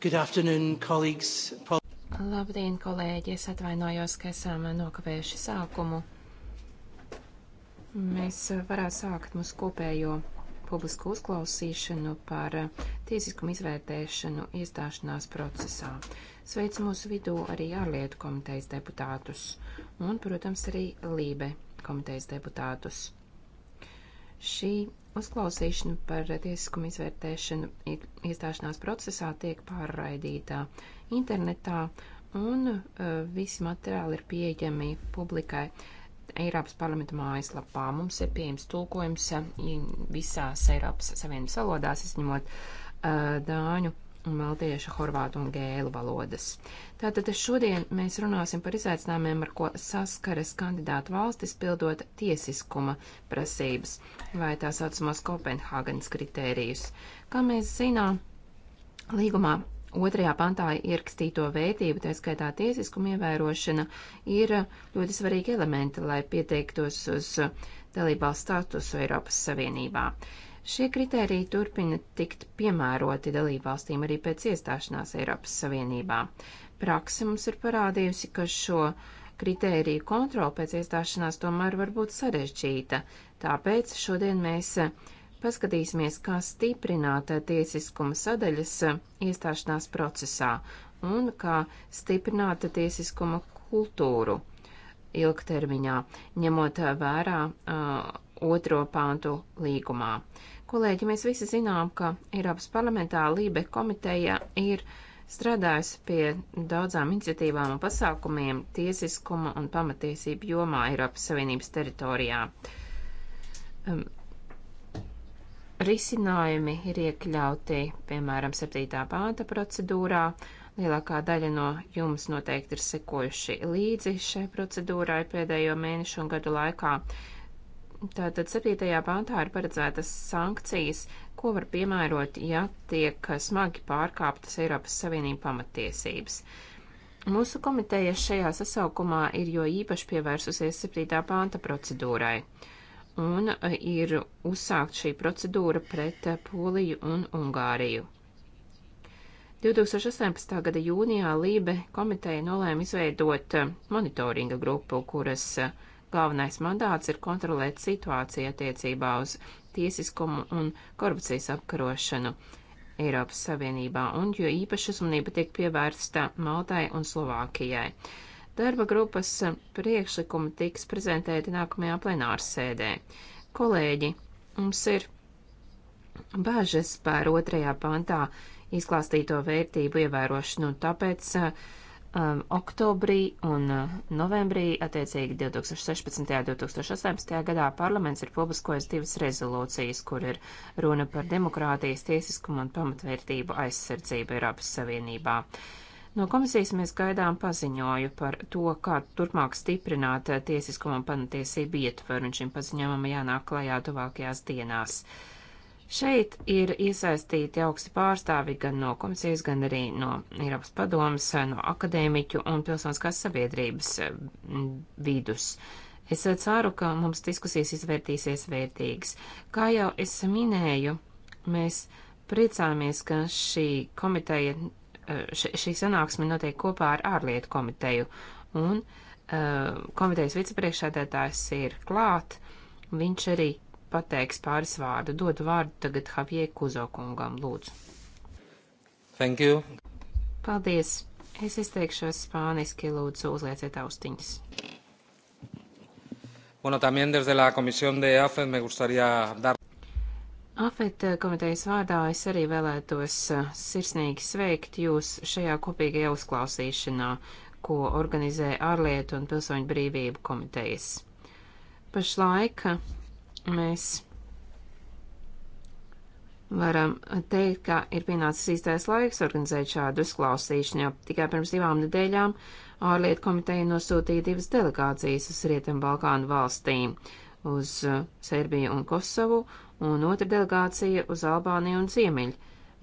Good afternoon, colleagues. Pol Labdien, kolēģi! Es atvainojos, ka esam nokavējuši sākumu. Mēs varētu sākt mūsu kopējo publisku uzklausīšanu par eh, tiesiskumu izvērtēšanu iestāšanās procesā. Sveicu mūsu vidū arī ārlietu komitejas deputātus un, protams, arī Lībe komitejas deputātus. Šī uzklausīšana par tiesiskumu izvērtēšanu iestāšanās procesā tiek pārraidītā internetā, un uh, visi materiāli ir pieejami publikai Eiropas parlamenta mājaslapā. Mums ir pieejams tulkojums e, visās Eiropas Savienības valodās, izņemot uh, dāņu maltiešu, horvātu un gēlu valodas. Tātad šodien mēs runāsim par izaicinājumiem, ar ko saskaras kandidātu valstis pildot tiesiskuma prasības vai tā saucamos Kopenhāgenes kritērijus. Kā mēs zinām, līgumā otrajā pantā ierakstīto vērtību, tā skaitā tiesiskuma ievērošana, ir ļoti svarīgi elementi, lai pieteiktos uz dalībvalsts statusu Eiropas Savienībā. Uh, Šie kritēriji turpina tikt piemēroti dalībvalstīm arī pēc iestāšanās Eiropas Savienībā. Praksa mums ir parādījusi, ka šo kritēriju kontrola pēc iestāšanās tomēr var būt sarežģīta, tāpēc šodien mēs paskatīsimies, kā stiprināt tiesiskuma sadaļas iestāšanās procesā un kā stiprināt tiesiskuma kultūru ilgtermiņā, ņemot vērā uh, otro pāntu līgumā. Kolēģi, mēs visi zinām, ka Eiropas parlamentā Lībe komiteja ir strādājusi pie daudzām iniciatīvām un pasākumiem tiesiskuma un pamatiesību jomā Eiropas Savienības teritorijā. Um, risinājumi ir iekļauti, piemēram, 7. pānta procedūrā. Lielākā daļa no jums noteikti ir sekojuši līdzi šai procedūrai pēdējo mēnešu un gadu laikā. Uh, Tātad 7. pāntā ir paredzētas sankcijas, ko var piemērot, ja tiek smagi pārkāptas Eiropas Savienības pamatiesības. Mūsu komiteja šajā sasaukumā ir jo īpaši pievērsusies 7. pānta procedūrai, un e, ir uzsākt šī procedūra pret e, Poliju un Ungāriju. 2018. gada jūnijā Lībe komiteja nolēma izveidot e, monitoringa grupu, kuras uh, Galvenais mandāts ir kontrolēt situāciju attiecībā uz tiesiskumu un korupcijas apkarošanu Eiropas Savienībā, un jo īpaši uzmanība tiek pievērsta Maltai un Slovākijai. Darba grupas priekšlikumi tiks prezentēti nākamajā plenārsēdē. Kolēģi, mums ir bažas par otrajā pantā izklāstīto vērtību ievērošanu, un tāpēc um, oktobrī un uh, novembrī, attiecīgi 2016. un 2018. gadā parlaments ir publiskojis divas rezolūcijas, kur ir runa par demokrātijas, tiesiskumu un pamatvērtību aizsardzību Eiropas Savienībā. No komisijas mēs gaidām paziņoju par to, kā turpmāk stiprināt uh, tiesiskumu un pamatiesību ietvaru, un šim paziņojumam jānāk klajā tuvākajās dienās. Uh, Šeit ir iesaistīti augsti pārstāvi gan no komisijas, gan arī no Eiropas padomas, no akadēmiķu un pilsoniskās sabiedrības eh, vidus. Es eh, ceru, ka mums diskusijas izvērtīsies vērtīgas. Kā jau es minēju, mēs priecāmies, ka šī komiteja, eh, šī sanāksme notiek kopā ar ārlietu komiteju, un komitejas vicepriekšēdētājs ir klāt, viņš arī pateiks pāris vārdu. Dodu vārdu tagad Havie Kuzokungam, lūdzu. Thank you. Paldies. Es izteikšos spāniski, lūdzu, uzlieciet austiņas. Bueno, también desde la Comisión de AFED me gustaría dar. AFET komitejas vārdā es arī vēlētos sirsnīgi sveikt jūs šajā kopīgajā uzklausīšanā, ko organizē ārlietu un pilsoņu brīvību komitejas. Pašlaik mēs varam teikt, ka ir pienācis īstais laiks organizēt šādu uzklausīšanu, jo tikai pirms divām nedēļām ārlietu komiteja nosūtīja divas delegācijas uz Rietumbalkānu valstīm - uz uh, Serbiju un Kosovu, un otra delegācija uz Albāniju un Ziemeļu.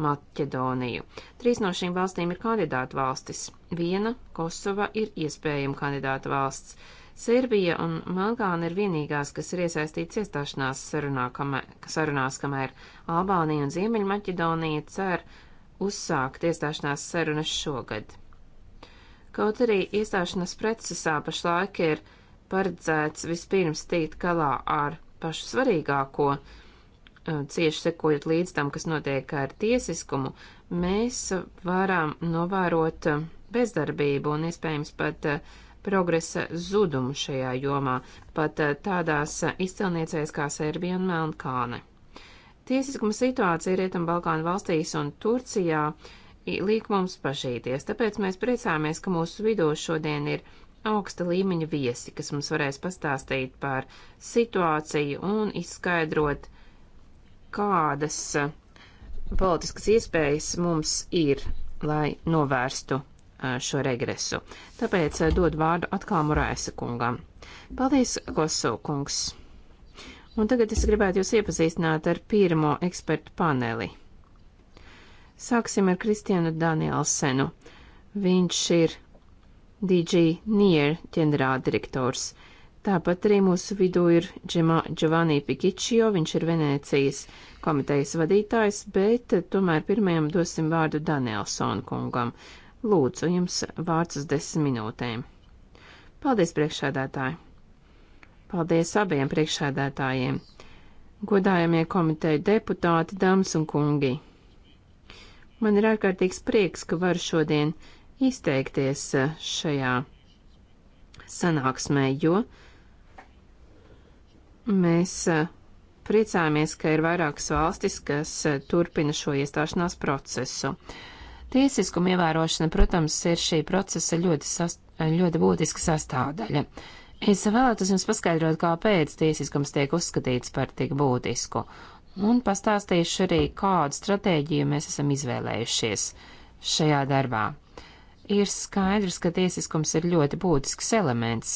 Maķedoniju. Trīs no šīm valstīm ir kandidātu valstis. Viena, Kosova, ir iespējama kandidāta valsts. Serbija un Melkāna ir vienīgās, kas ir iesaistīts iestāšanās sarunā, kamē, sarunās, kamēr Albānija un Ziemeļmaķedonija cer uzsākt iestāšanās sarunas šogad. Kaut arī iestāšanās procesā pašlaik ir paredzēts vispirms tīt galā ar pašu svarīgāko, cieši sekojot līdz tam, kas notiek ar tiesiskumu, mēs varam novērot bezdarbību un iespējams pat uh, progresa zudumu šajā jomā, pat eh, tādās izcelniecēs kā Serbija un Melnkalne. Tiesiskuma situācija Rietumbalkānu valstīs un Turcijā liek mums pašīties, tāpēc mēs priecāmies, ka mūsu vidū šodien ir augsta līmeņa viesi, kas mums varēs pastāstīt par situāciju un izskaidrot, kādas eh, politiskas iespējas mums ir, lai novērstu šo regresu. Tāpēc dod vārdu atkal Muraisa kungam. Paldies, Kosu kungs! Un tagad es gribētu jūs iepazīstināt ar pirmo ekspertu paneli. Sāksim ar Kristianu Danielsenu. Viņš ir DG Nier ģenerāldirektors. Tāpat arī mūsu vidū ir Giovanni Pikiccio, viņš ir Venēcijas komitejas vadītājs, bet tomēr pirmajam dosim vārdu Danielsonu kungam, Lūdzu, jums vārds uz desmit minūtēm. Paldies, priekšsēdētāji! Paldies abiem priekšsēdētājiem! Godājamie komiteja deputāti, dāmas un kungi! Man ir ārkārtīgs prieks, ka varu šodien izteikties šajā sanāksmē, jo mēs priecājamies, ka ir vairākas valstis, kas turpina šo iestāšanās procesu. Uh, Tiesiskuma ievērošana, protams, ir šī procesa ļoti, sast, ļoti būtiska sastāvdaļa. Es vēlētos jums paskaidrot, kāpēc tiesiskums tiek uzskatīts par tik būtisku, un pastāstīšu arī, kādu stratēģiju mēs esam izvēlējušies šajā darbā. Ir skaidrs, ka tiesiskums ir ļoti būtisks elements,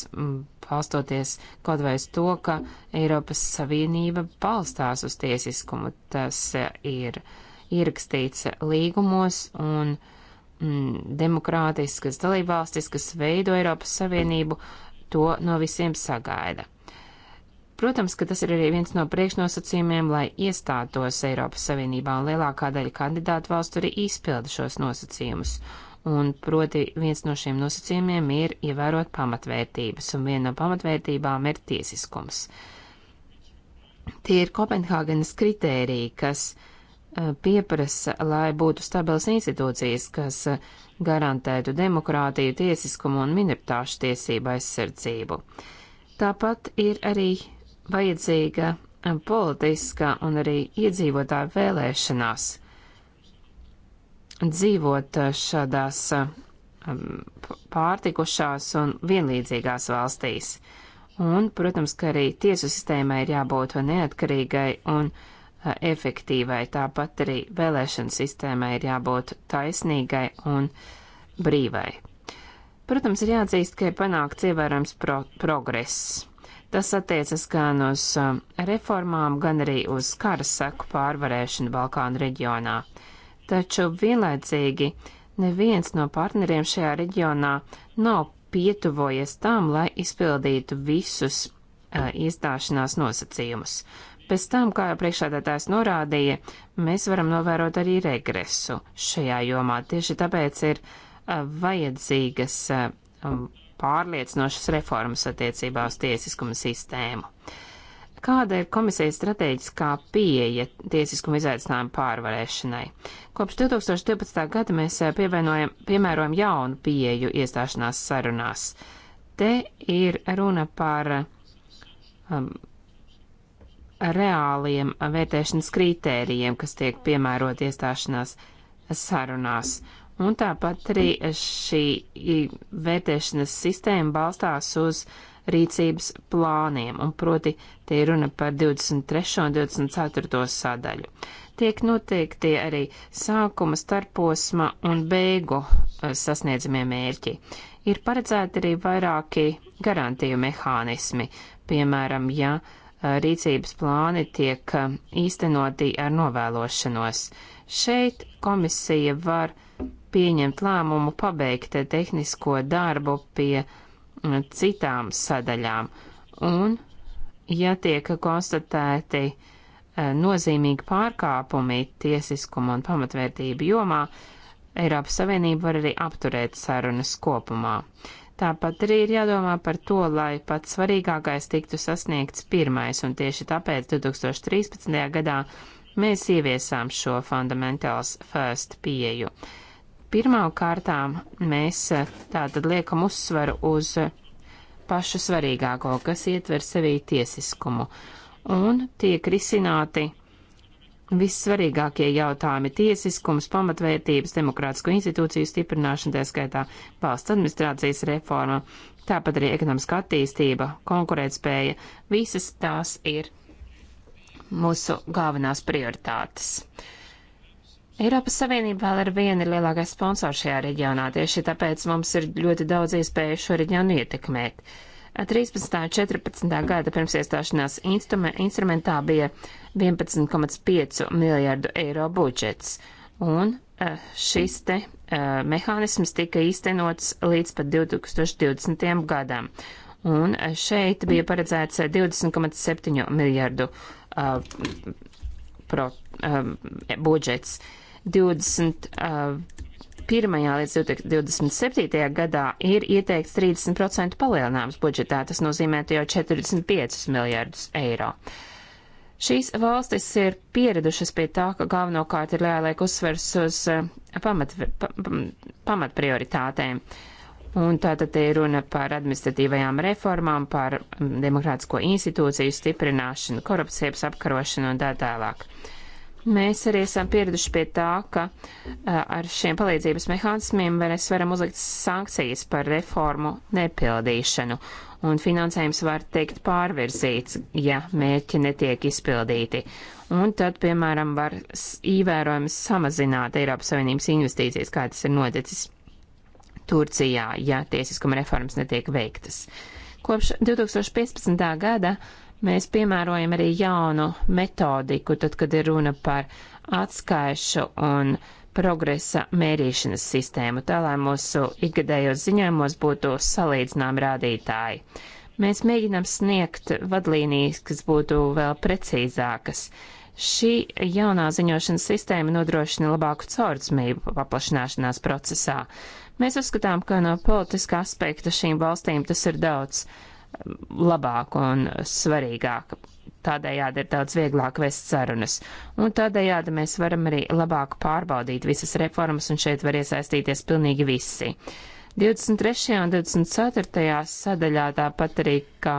palstoties kaut vai uz to, ka Eiropas Savienība palstās uz tiesiskumu. Tas e, ir uh, ierakstīts līgumos un mm, demokrātiskas dalībvalstis, kas veido Eiropas Savienību, to no visiem sagaida. Protams, ka tas ir arī viens no priekšnosacījumiem, lai iestātos Eiropas Savienībā, un lielākā daļa kandidātu valstu arī izpilda šos nosacījumus. Un proti viens no šiem nosacījumiem ir ievērot pamatvērtības, un viena no pamatvērtībām ir tiesiskums. Tie ir Kopenhāgenes kritēriji, kas uh, Eh, pieprasa, lai būtu stabilas institūcijas, kas eh, garantētu demokrātiju, tiesiskumu un minoritāšu tiesību aizsardzību. Tāpat ir arī vajadzīga eh, politiska un arī iedzīvotāju vēlēšanās dzīvot šādās pārtikušās un vienlīdzīgās valstīs. Un, protams, ka arī tiesu sistēmai ir jābūt neatkarīgai un uh, efektīvai, tāpat arī vēlēšana sistēmai ir jābūt taisnīgai un brīvai. Protams, ir jāatzīst, ka ir panākts ievērojams pro progress. Tas attiecas gan uz um, reformām, gan arī uz kara seku pārvarēšanu Balkānu reģionā. Taču vienlaicīgi neviens no partneriem šajā reģionā nav pietuvojies tam, lai izpildītu visus uh, iestāšanās nosacījumus. Pēc tam, kā jau priekšādātājs norādīja, mēs varam novērot arī regresu šajā jomā. Tieši tāpēc ir vajadzīgas um, pārliecinošas reformas attiecībā uz tiesiskumu sistēmu. Kāda ir komisijas strateģiskā pieeja tiesiskuma izaicinājumu pārvarēšanai? Kopš 2012. gada mēs piemērojam jaunu pieeju iestāšanās sarunās. Te ir runa par um, reāliem vērtēšanas kritērijiem, kas tiek piemērot iestāšanās sarunās. Un tāpat arī šī vērtēšanas sistēma balstās uz rīcības plāniem, un proti tie runa par 23. un 24. sadaļu. Tiek noteikti arī sākuma, starposma un beigu eh, sasniedzamie mērķi. Ir paredzēti arī vairāki garantiju mehānismi, piemēram, ja uh, Eh, rīcības plāni tiek eh, īstenoti ar novēlošanos. Šeit komisija var pieņemt lēmumu pabeigt tehnisko darbu pie mm, citām sadaļām, un, ja tiek konstatēti eh, nozīmīgi pārkāpumi tiesiskuma un pamatvērtību jomā, Eiropas Savienība var arī apturēt sarunas kopumā. Tāpat arī ir jādomā par to, lai pats svarīgākais tiktu sasniegts pirmais, un tieši tāpēc 2013. gadā mēs ieviesām šo fundamentals first pieju. Pirmām kārtām mēs e, tātad liekam uzsvaru uz pašu svarīgāko, kas ietver sevī tiesiskumu, un tiek risināti vissvarīgākie jautājumi - tiesiskums, pamatvērtības, demokrātisko institūciju stiprināšana, tā skaitā valsts administrācijas reforma, tāpat arī ekonomiskā attīstība, konkurētspēja - visas tās ir mūsu galvenās prioritātes. Eiropas Savienība vēl ar vienu ir lielākais sponsors šajā reģionā, tieši tāpēc mums ir ļoti daudz iespēju šo reģionu ietekmēt. Uh, 13. un 14. gada pirms iestāšanās instrumentā bija 11,5 miljardu eiro budžets, un eh, šis te eh, mehānisms tika īstenots līdz pat 2020. gadam. Un eh, šeit bija paredzēts 20,7 miljardu uh, pro, uh, budžets. 20, uh, līdz 27. gadā ir ieteikts 30% palielinājums budžetā, tas nozīmē jau 45 miljārdus eiro. Šīs valstis ir pieradušas pie tā, ka galvenokārt ir jāliek uzsvers uz eh, pamat, pa, pamatprioritātēm. Un tātad te ir runa par administratīvajām reformām, par mm, demokrātisko institūciju stiprināšanu, korupcijas apkarošanu un tā tālāk. Tā Mēs arī esam pieraduši pie tā, ka ar šiem palīdzības mehānismiem mēs varam uzlikt sankcijas par reformu nepildīšanu, un finansējums var tikt pārvirzīts, ja mērķi netiek izpildīti. Un tad, piemēram, var ievērojami samazināt Eiropas Savienības investīcijas, kā tas ir noticis Turcijā, ja tiesiskuma reformas netiek veiktas. Kopš 2015. gada Mēs piemērojam arī jaunu metodiku, tad, kad ir runa par atskaišu un progresa mērīšanas sistēmu, tā lai mūsu ikgadējos ziņojumos būtu salīdzināmi rādītāji. Mēs mēģinām sniegt vadlīnijas, kas būtu vēl precīzākas. Šī jaunā ziņošanas sistēma nodrošina labāku caurdzmību paplašināšanās procesā. Mēs uzskatām, ka no politiskā aspekta šīm valstīm tas ir daudz labāka un svarīgāka. Tādējādi ir daudz vieglāk vest sarunas, un tādējādi mēs varam arī labāk pārbaudīt visas reformas, un šeit var iesaistīties pilnīgi visi. 23. un 24. sadaļā, tāpat arī kā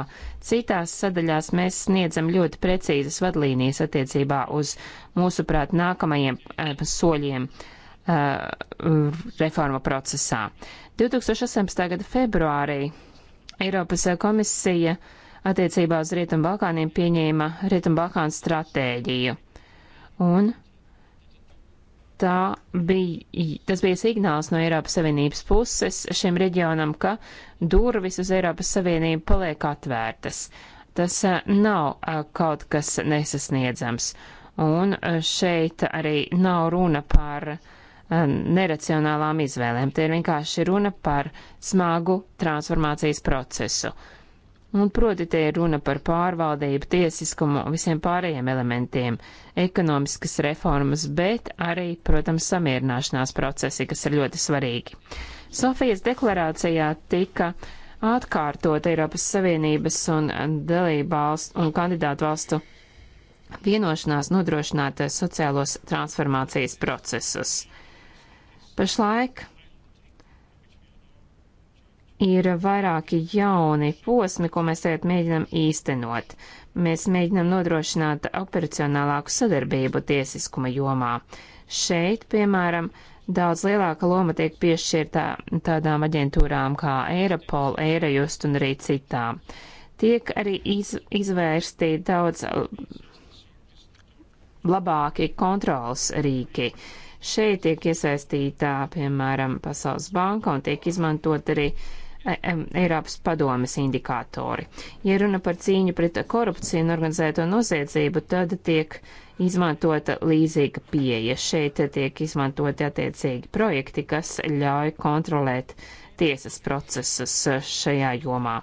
citās sadaļās, mēs sniedzam ļoti precīzas vadlīnijas attiecībā uz mūsuprāt nākamajiem eh, soļiem eh, reforma procesā. 2018. gada februārī Eiropas komisija attiecībā uz Rietumbalkāniem pieņēma Rietumbalkānu stratēģiju. Un tā bija, tas bija signāls no Eiropas Savienības puses šim reģionam, ka durvis uz Eiropas Savienību paliek atvērtas. Tas eh, nav eh, kaut kas nesasniedzams. Un eh, šeit arī nav runa par uh, Um, neracionālām izvēlēm. Te ir vienkārši runa par smagu transformācijas procesu. Un proti te ir runa par pārvaldību, tiesiskumu un visiem pārējiem elementiem, ekonomiskas reformas, bet arī, protams, samierināšanās procesi, kas ir ļoti svarīgi. Sofijas deklarācijā tika atkārtot Eiropas Savienības un dalību valstu un kandidātu valstu vienošanās nodrošināt sociālos transformācijas procesus. Pašlaik ir vairāki jauni posmi, ko mēs tagad mēģinam īstenot. Mēs mēģinam nodrošināt operacionālāku sadarbību tiesiskuma jomā. Šeit, piemēram, daudz lielāka loma tiek piešķirta tādām aģentūrām kā Eiropol, Eirajust un arī citām. Tiek arī iz, izvērsti daudz labāki kontrols rīki. Uh, Šeit tiek iesaistītā, piemēram, Pasaules banka un tiek izmantot arī e, Eiropas padomes indikātori. Ja runa par cīņu pret korupciju un organizēto noziedzību, tad tiek izmantota līdzīga pieeja. Šeit tiek izmantoti attiecīgi projekti, kas ļauj kontrolēt tiesas procesus šajā jomā.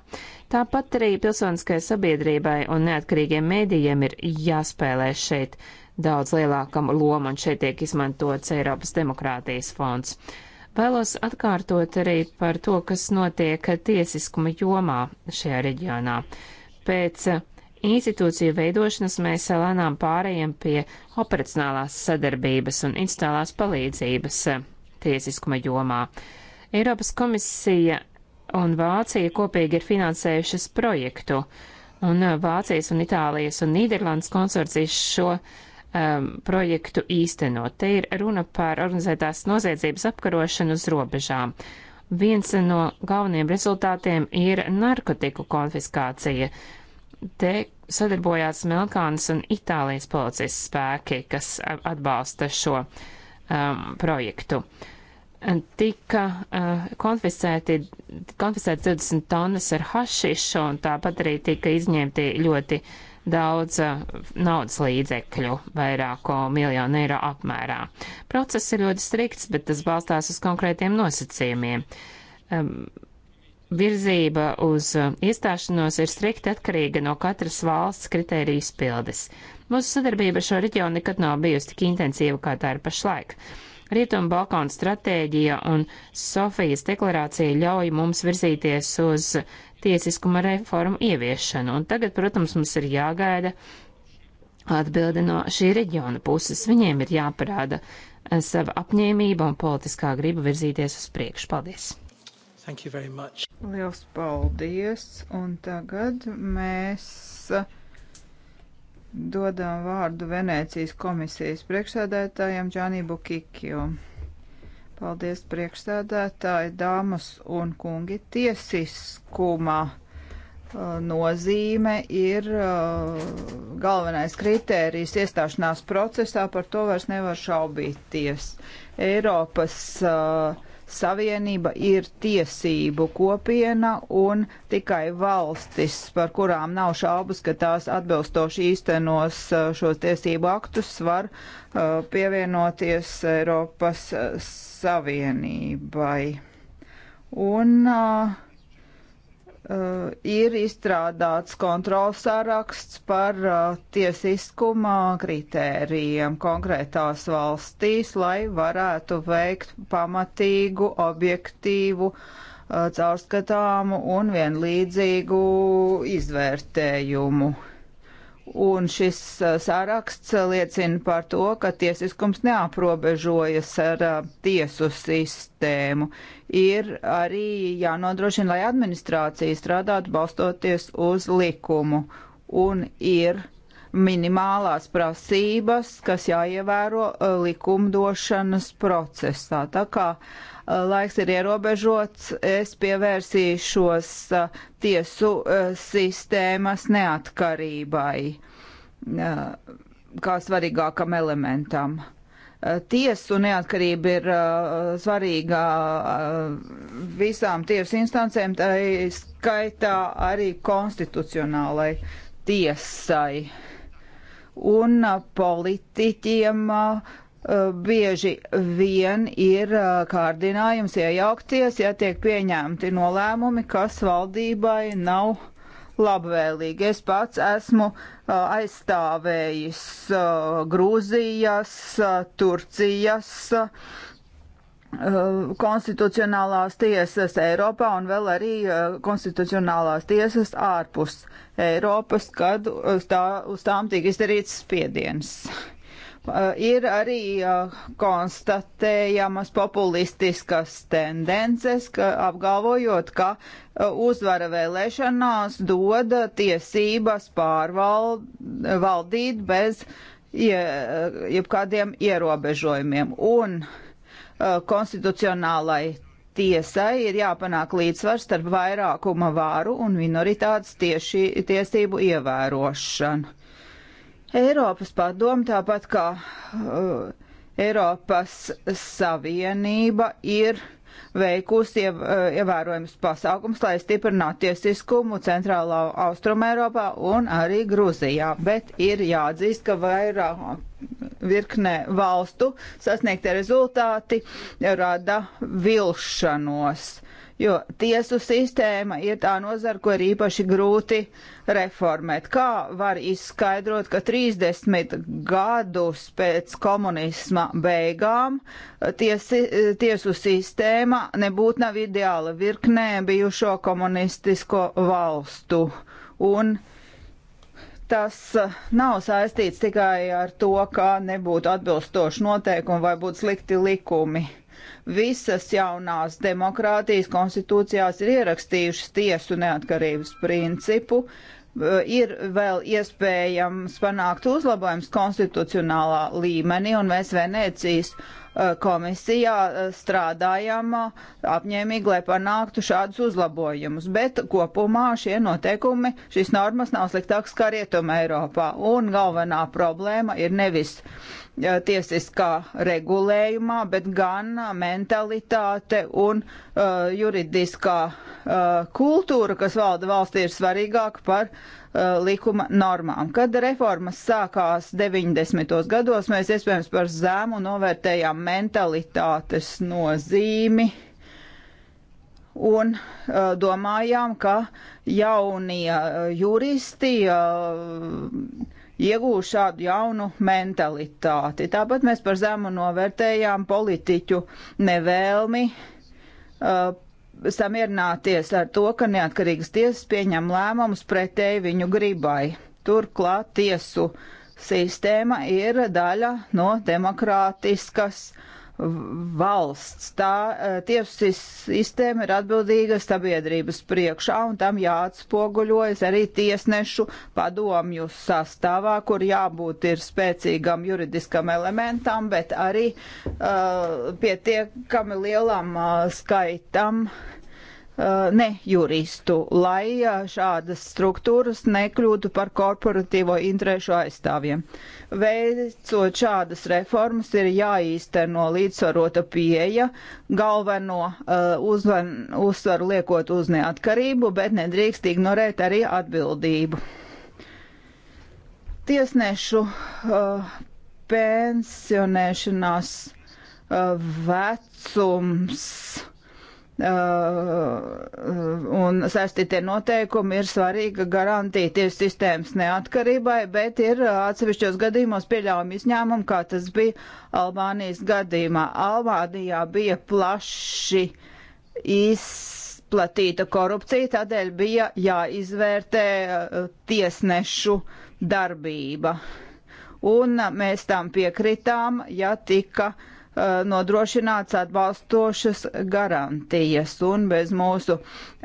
Tāpat arī pilsoniskai sabiedrībai un neatkarīgiem mēdījiem ir jāspēlē šeit daudz lielākam lomam, un šeit tiek izmantots Eiropas demokrātijas fonds. Vēlos atkārtot arī par to, kas notiek tiesiskuma jomā šajā reģionā. Pēc institūciju veidošanas mēs lēnām pārējiem pie operacionālās sadarbības un institucionālās palīdzības tiesiskuma jomā. Eiropas komisija un Vācija kopīgi ir finansējušas projektu, un Vācijas un Itālijas un Nīderlandes konsorcijas šo uh, um, projektu īstenot. Te ir runa par organizētās noziedzības apkarošanu uz robežām. Viens no galvenajiem rezultātiem ir narkotiku konfiskācija. Te sadarbojās Melkānas un Itālijas policijas spēki, kas atbalsta šo um, projektu. Tika uh, konfiscēti, konfiscēti 20 tonnas ar hašišu, un tāpat arī tika izņemti ļoti uh, daudz eh, naudas līdzekļu, vairāko miljonu eiro apmērā. Process ir ļoti strikts, bet tas balstās uz konkrētiem nosacījumiem. Virzība uz eh, iestāšanos ir strikti atkarīga no katras valsts kritēriju izpildes. Mūsu sadarbība ar šo reģionu nekad nav bijusi tik intensīva, kā tā ir pašlaik. Rietumu Balkānu stratēģija un Sofijas deklarācija ļauj mums virzīties uz tiesiskuma reformu ieviešanu, un tagad, protams, mums ir jāgaida atbildi no šī reģiona puses. Viņiem ir jāparāda eh, sava apņēmība un politiskā griba virzīties uz priekšu. Paldies! Thank you very much. Liels paldies! Un tagad mēs Dodam vārdu Venēcijas komisijas priekšsēdētājiem Džanī Bukikiju. Paldies priekšsēdētāji, dāmas un kungi. Tiesiskuma uh, nozīme ir uh, galvenais kritērijs iestāšanās procesā, par to vairs nevar šaubīties. Eiropas uh, Savienība ir tiesību kopiena un tikai valstis, par kurām nav šaubas, ka tās atbilstoši īstenos uh, šos tiesību aktus, var uh, pievienoties Eiropas uh, Savienībai. Un uh, Uh, ir izstrādāts kontrols saraksts par uh, eh, tiesiskumā kritērijiem konkrētās valstīs, lai varētu veikt pamatīgu, objektīvu, uh, caurskatāmu un vienlīdzīgu izvērtējumu. Un šis uh, sāraksts liecina par to, ka tiesiskums neaprobežojas ar uh, tiesu sistēmu. Ir arī jānodrošina, lai administrācija strādātu balstoties uz likumu. Un ir minimālās prasības, kas jāievēro uh, likumdošanas procesā. Tā kā uh, laiks ir ierobežots, es pievērsīšos uh, tiesu sistēmas neatkarībai kā svarīgākam elementam. Tiesu neatkarība ir svarīga visām tiesu instancēm, tā skaitā arī konstitucionālai tiesai. Uh, un uh, politiķiem uh, uh, bieži vien ir kārdinājums iejaukties, ja tiek pieņemti nolēmumi, kas valdībai nav labvēlīgi. Es pats esmu aizstāvējis Grūzijas, Turcijas, Uh, konstitucionālās tiesas Eiropā un vēl arī uh, konstitucionālās tiesas ārpus Eiropas, kad uz, tā, uz tām tika izdarīts spiediens. Uh, ir arī konstatējamas populistiskas tendences, ka apgalvojot, ka uzvara vēlēšanās dod tiesības pārvaldīt bez je, jebkādiem ierobežojumiem. Un uh, Eh, konstitucionālai tiesai ir jāpanāk līdzsvars starp vairākuma vāru un minoritātes tieši tiesību ievērošanu. Eiropas padomu, tāpat kā uh, Eiropas Savienība, ir veikusi iev, uh, eh, ievērojams pasākums, lai stiprinātu tiesiskumu Centrālā Austruma Eiropā un arī Gruzijā, bet ir jāatzīst, ka vairāk virknē valstu sasniegtie rezultāti rada vilšanos, jo tiesu sistēma ir tā nozara, ko ir īpaši grūti reformēt. Kā var izskaidrot, ka 30 gadus pēc komunisma beigām tiesi, tiesu sistēma nebūtu nav ideāla virknē bijušo komunistisko valstu? Un uh, tas eh, nav saistīts tikai ar to, ka nebūtu atbilstoši noteikumi vai būtu slikti likumi. Visas jaunās demokrātijas konstitūcijās ir ierakstījušas tiesu neatkarības principu. Eh, ir vēl iespējams panākt uzlabojums konstitucionālā līmenī, un mēs Venecijas uh, Eh, komisijā eh, strādājam eh, apņēmīgi, lai panāktu šādus uzlabojumus. Bet kopumā šie noteikumi, šīs normas nav sliktākas kā Rietuma Eiropā. Un galvenā problēma ir nevis tiesiskā regulējumā, bet gan mentalitāte un uh, juridiskā uh, kultūra, kas valda valstī, ir svarīgāka par uh, Uh, likuma normām. Kad reformas sākās 90. gados, mēs iespējams par zēmu novērtējām mentalitātes nozīmi un uh, domājām, ka jaunie uh, juristi uh, iegūs šādu jaunu mentalitāti. Tāpat mēs par zemu novērtējām politiķu nevēlmi uh, samierināties ar to, ka neatkarīgas tiesas pieņem lēmumus pretēji viņu gribai. Turklāt tiesu sistēma ir daļa no demokrātiskas uh, valsts. Tā e, tiesu sistēma ir atbildīga sabiedrības priekšā, un tam jāatspoguļojas arī tiesnešu padomju sastāvā, kur jābūt ir spēcīgam juridiskam elementam, bet arī uh, pietiekami lielam uh, skaitam uh, Uh, ne juristu, lai uh, šādas struktūras nekļūtu par korporatīvo interešu aizstāvjiem. Veicot šādas reformas, ir jāīsteno līdzsvarota pieeja, galveno uh, uzvan, uzsvaru liekot uz neatkarību, bet nedrīkst ignorēt arī atbildību. Tiesnešu uh, pensionēšanās uh, vecums Uh, un saistītie noteikumi ir svarīga garantija tiesu sistēmas neatkarībai, bet ir uh, atsevišķos gadījumos pieļaujami izņēmumi, kā tas bija Albānijas gadījumā. Albānijā bija plaši izplatīta korupcija, tādēļ bija jāizvērtē uh, tiesnešu darbība. Un mēs tam piekritām, ja tika uh, Uh, nodrošināts atbalstošas garantijas, un bez mūsu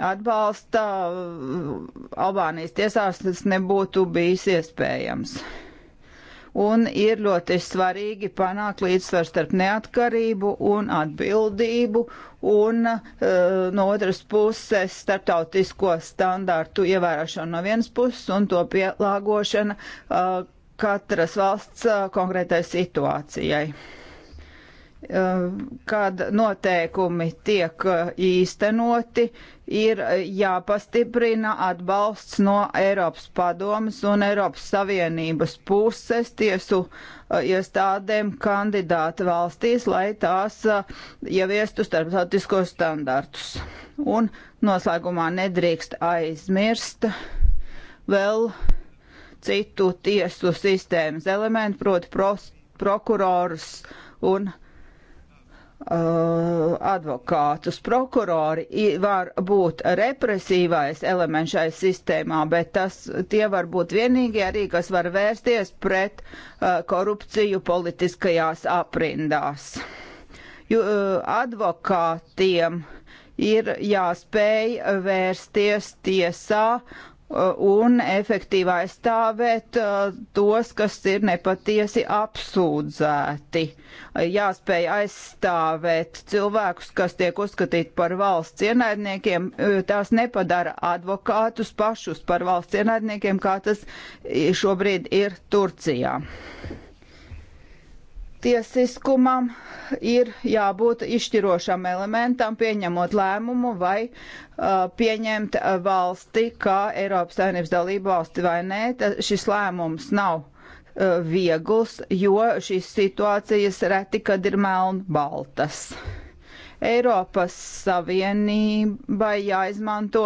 atbalsta uh, Albānijas tiesās tas nebūtu bijis iespējams. Un ir ļoti svarīgi panākt līdzsvaru starp neatkarību un atbildību un uh, no otras puses starptautisko standārtu ievērošanu no vienas puses un to pielāgošana uh, katras valsts uh, konkrētai situācijai. Um, kad noteikumi tiek uh, īstenoti, ir uh, jāpastiprina atbalsts no Eiropas padomas un Eiropas Savienības puses tiesu uh, iestādēm kandidāta valstīs, lai tās ieviestu starptautiskos standartus. Un noslēgumā nedrīkst aizmirst vēl citu tiesu sistēmas elementu, proti prokurorus un Uh, advokātus. Prokurori var būt represīvais elements šai sistēmā, bet tas, tie var būt vienīgie arī, kas var vērsties pret uh, korupciju politiskajās aprindās. Jo, uh, advokātiem ir jāspēj vērsties tiesā un efektīvi aizstāvēt uh, tos, kas ir nepatiesi apsūdzēti. Jāspēj aizstāvēt cilvēkus, kas tiek uzskatīti par valsts ienaidniekiem, uh, tās nepadara advokātus pašus par valsts ienaidniekiem, kā tas šobrīd ir Turcijā tiesiskumam ir jābūt izšķirošam elementam, pieņemot lēmumu vai uh, pieņemt valsti, kā Eiropas Savienības dalību valsti vai nē. Šis lēmums nav uh, viegls, jo šīs situācijas reti, kad ir melnbaltas. baltas. Eiropas Savienībai jāizmanto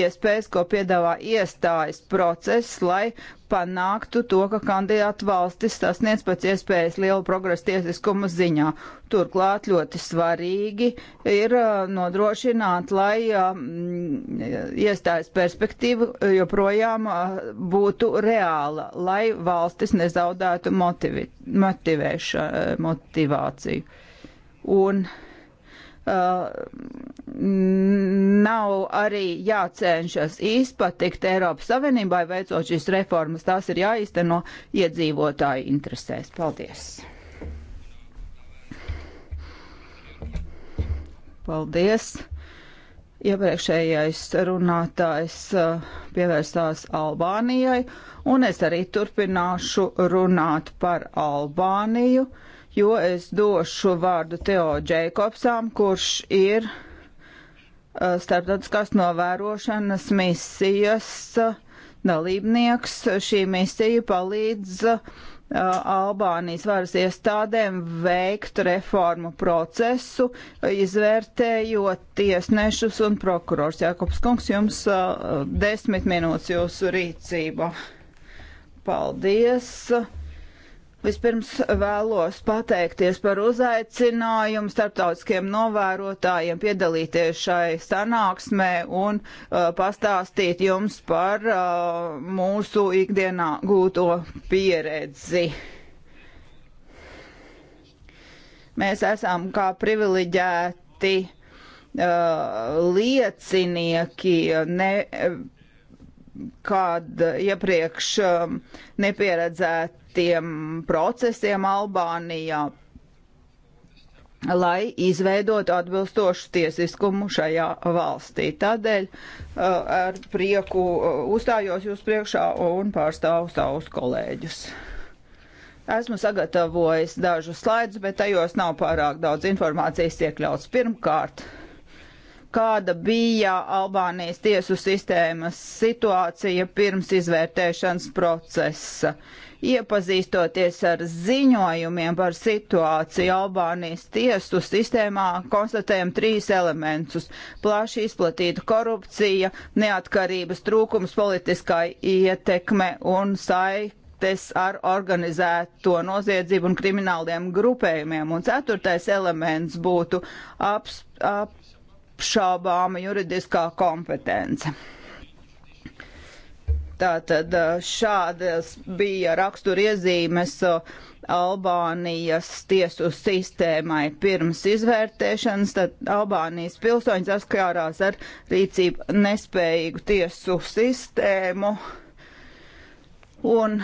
iespējas, ko piedāvā iestājas process, lai panāktu to, ka kandidātu valstis sasniedz pēc iespējas lielu progresu tiesiskuma ziņā. Turklāt ļoti svarīgi ir uh, nodrošināt, lai um, iestājas perspektīva joprojām uh, būtu reāla, lai valstis nezaudētu motivi, motivēša, motivāciju. Un nav arī jācenšas izpatikt Eiropas Savienībai, veicot šīs reformas. Tās ir jāizteno iedzīvotāju interesēs. Paldies! Paldies! Iepriekšējais runātājs uh, pievērsās Albānijai, un es arī turpināšu runāt par Albāniju. Uh, jo es došu vārdu Teo Džeikobsam, kurš ir starptautiskās novērošanas misijas dalībnieks. Šī misija palīdz Albānijas varas iestādēm veikt reformu procesu, izvērtējot tiesnešus un prokurors. Jākops Kungs, jums desmit minūtes jūsu rīcība. Paldies! Vispirms vēlos pateikties par uzaicinājumu starptautiskiem novērotājiem piedalīties šai sanāksmē un uh, pastāstīt jums par uh, mūsu ikdienā gūto pieredzi. Mēs esam kā privileģēti uh, liecinieki ne kāda eh, iepriekš eh, nepieredzētiem procesiem Albānijā, lai izveidotu atbilstošu tiesiskumu šajā valstī. Tādēļ eh, ar prieku uzstājos jūs priekšā un pārstāvu savus kolēģus. Esmu sagatavojis dažus slaidus, bet tajos nav pārāk daudz informācijas iekļauts. Pirmkārt, kāda bija Albānijas tiesu sistēmas situācija pirms izvērtēšanas procesa. Iepazīstoties ar ziņojumiem par situāciju Albānijas tiesu sistēmā, konstatējam trīs elementus - plaši izplatīta korupcija, neatkarības trūkums, politiskā ietekme un saikne kontaktes ar organizēto noziedzību un krimināliem grupējumiem. Un ceturtais elements būtu aps, ap, neapšaubāma juridiskā kompetence. Tātad šādas bija raksturiezīmes Albānijas tiesu sistēmai pirms izvērtēšanas, tad Albānijas pilsoņi saskārās ar rīcību nespējīgu tiesu sistēmu. Un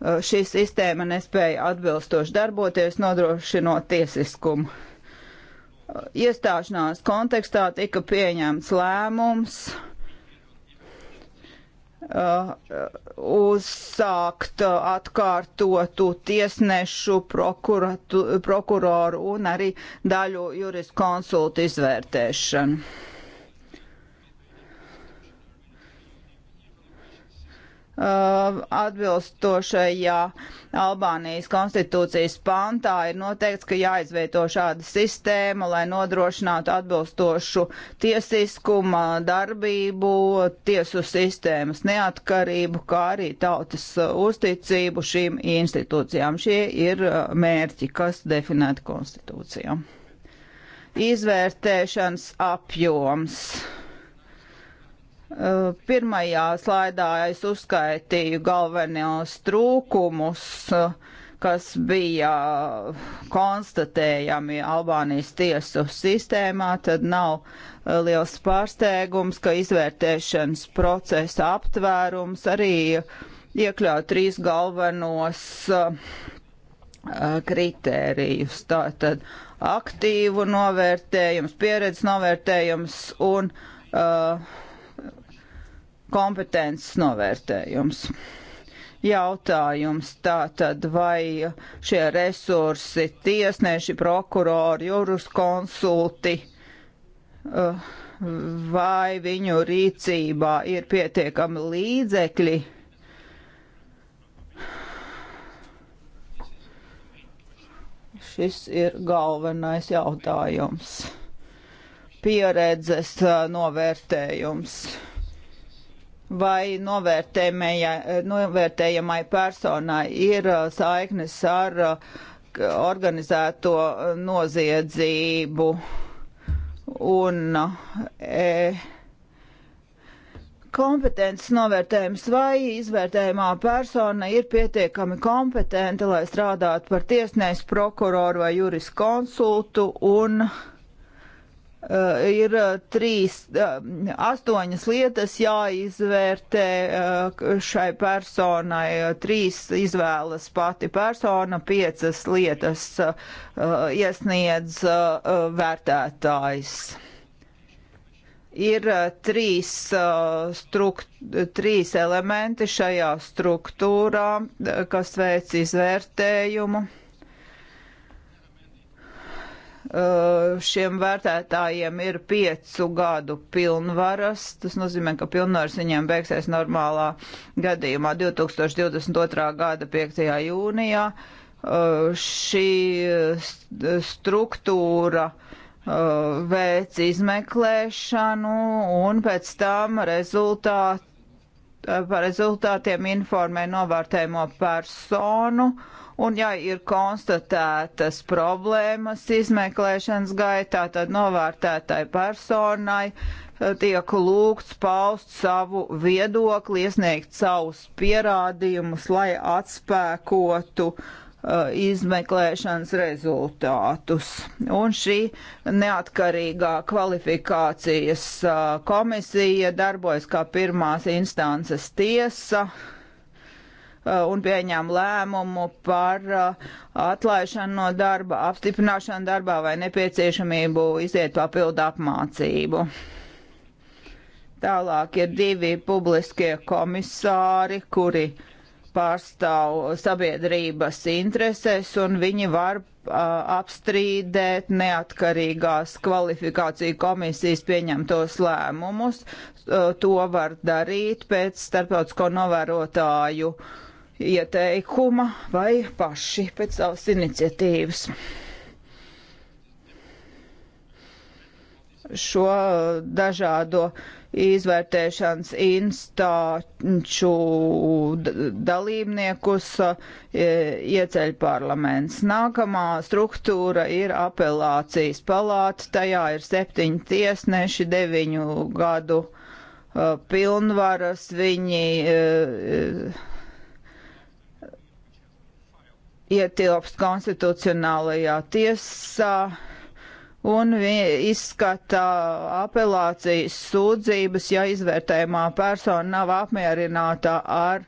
šī sistēma nespēja atbilstoši darboties, nodrošinot tiesiskumu iestāšanās kontekstā tika pieņemts lēmums uh, uzsākt uh, atkārtotu tiesnešu, prokuroru un arī daļu juriskonsultu izvērtēšanu. Uh, atbilstošajā Albānijas konstitūcijas pantā ir noteikts, ka jāizveido šāda sistēma, lai nodrošinātu atbilstošu tiesiskuma darbību, tiesu sistēmas neatkarību, kā arī tautas uh, uzticību šīm institūcijām. Šie ir uh, mērķi, kas definēti konstitūcijām. Izvērtēšanas apjoms Eh, pirmajā slaidā es uzskaitīju galvenos trūkumus, kas bija konstatējami Albānijas tiesu sistēmā, tad nav eh, liels pārsteigums, ka izvērtēšanas procesa aptvērums arī iekļaut trīs galvenos eh, kritērijus. Tātad aktīvu novērtējums, pieredzes novērtējums un uh, kompetences novērtējums. Jautājums tā tad, vai šie resursi, tiesneši, prokurori, jurus konsulti, uh, vai viņu rīcībā ir pietiekami līdzekļi, Šis ir galvenais jautājums. Pieredzes uh, novērtējums vai novērtējamai personai ir uh, saiknes ar uh, organizēto uh, noziedzību un e, kompetences novērtējums vai izvērtējumā persona ir pietiekami kompetenta, lai strādātu par tiesnēs, prokuroru vai juriskonsultu un uh, Uh, ir uh, trīs, uh, astoņas lietas jāizvērtē šai personai, trīs izvēlas pati persona, piecas lietas iesniedz vērtētājs. Ir trīs, strukt, trīs elementi šajā struktūrā, kas veic izvērtējumu. Eh, šiem vērtētājiem ir piecu gadu pilnvaras. Tas nozīmē, ka pilnvaras viņiem beigsies normālā gadījumā 2022. gada 5. jūnijā. Eh, šī struktūra eh, veic izmeklēšanu un pēc tam rezultāt, par rezultātiem informē novārtējumu personu. Uh, un ja ir konstatētas problēmas izmeklēšanas gaitā, tad novērtētai personai eh, tiek lūgts paust savu viedokli, iesniegt savus pierādījumus, lai atspēkotu eh, izmeklēšanas rezultātus. Un šī neatkarīgā kvalifikācijas eh, komisija darbojas kā pirmās instances tiesa. Eh, un pieņem lēmumu par eh, atlaišanu no darba, apstiprināšanu darbā vai nepieciešamību iziet papildu apmācību. Tālāk ir divi publiskie komisāri, kuri pārstāv sabiedrības intereses, un viņi var uh, apstrīdēt neatkarīgās kvalifikāciju komisijas pieņemtos lēmumus. Uh, to var darīt pēc starptautisko novērotāju uh, ieteikuma vai paši pēc savas iniciatīvas. Šo dažādo izvērtēšanas instāču dalībniekus e, ieceļ parlaments. Nākamā struktūra ir apelācijas palāta. Tajā ir septiņi tiesneši, deviņu gadu e, pilnvaras. Viņi e, ietilpst konstitucionālajā tiesā un izskata apelācijas sūdzības, ja izvērtējumā persona nav apmierināta ar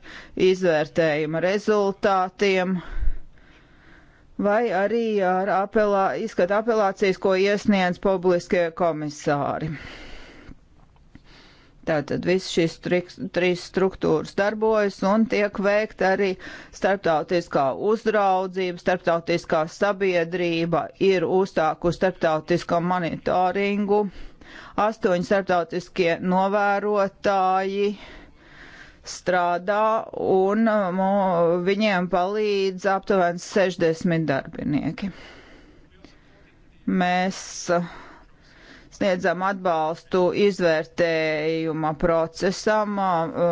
izvērtējuma rezultātiem. Vai arī ar apelā, izskata apelācijas, ko iesniedz publiskie komisāri. Tātad viss šīs trīs struktūras darbojas un tiek veikt arī starptautiskā uzraudzība, starptautiskā sabiedrība ir uzstāku starptautisko monitoringu, astoņi starptautiskie novērotāji strādā un mu, um, viņiem palīdz aptuveni 60 darbinieki. Mēs uh, sniedzam atbalstu izvērtējuma procesam, uh,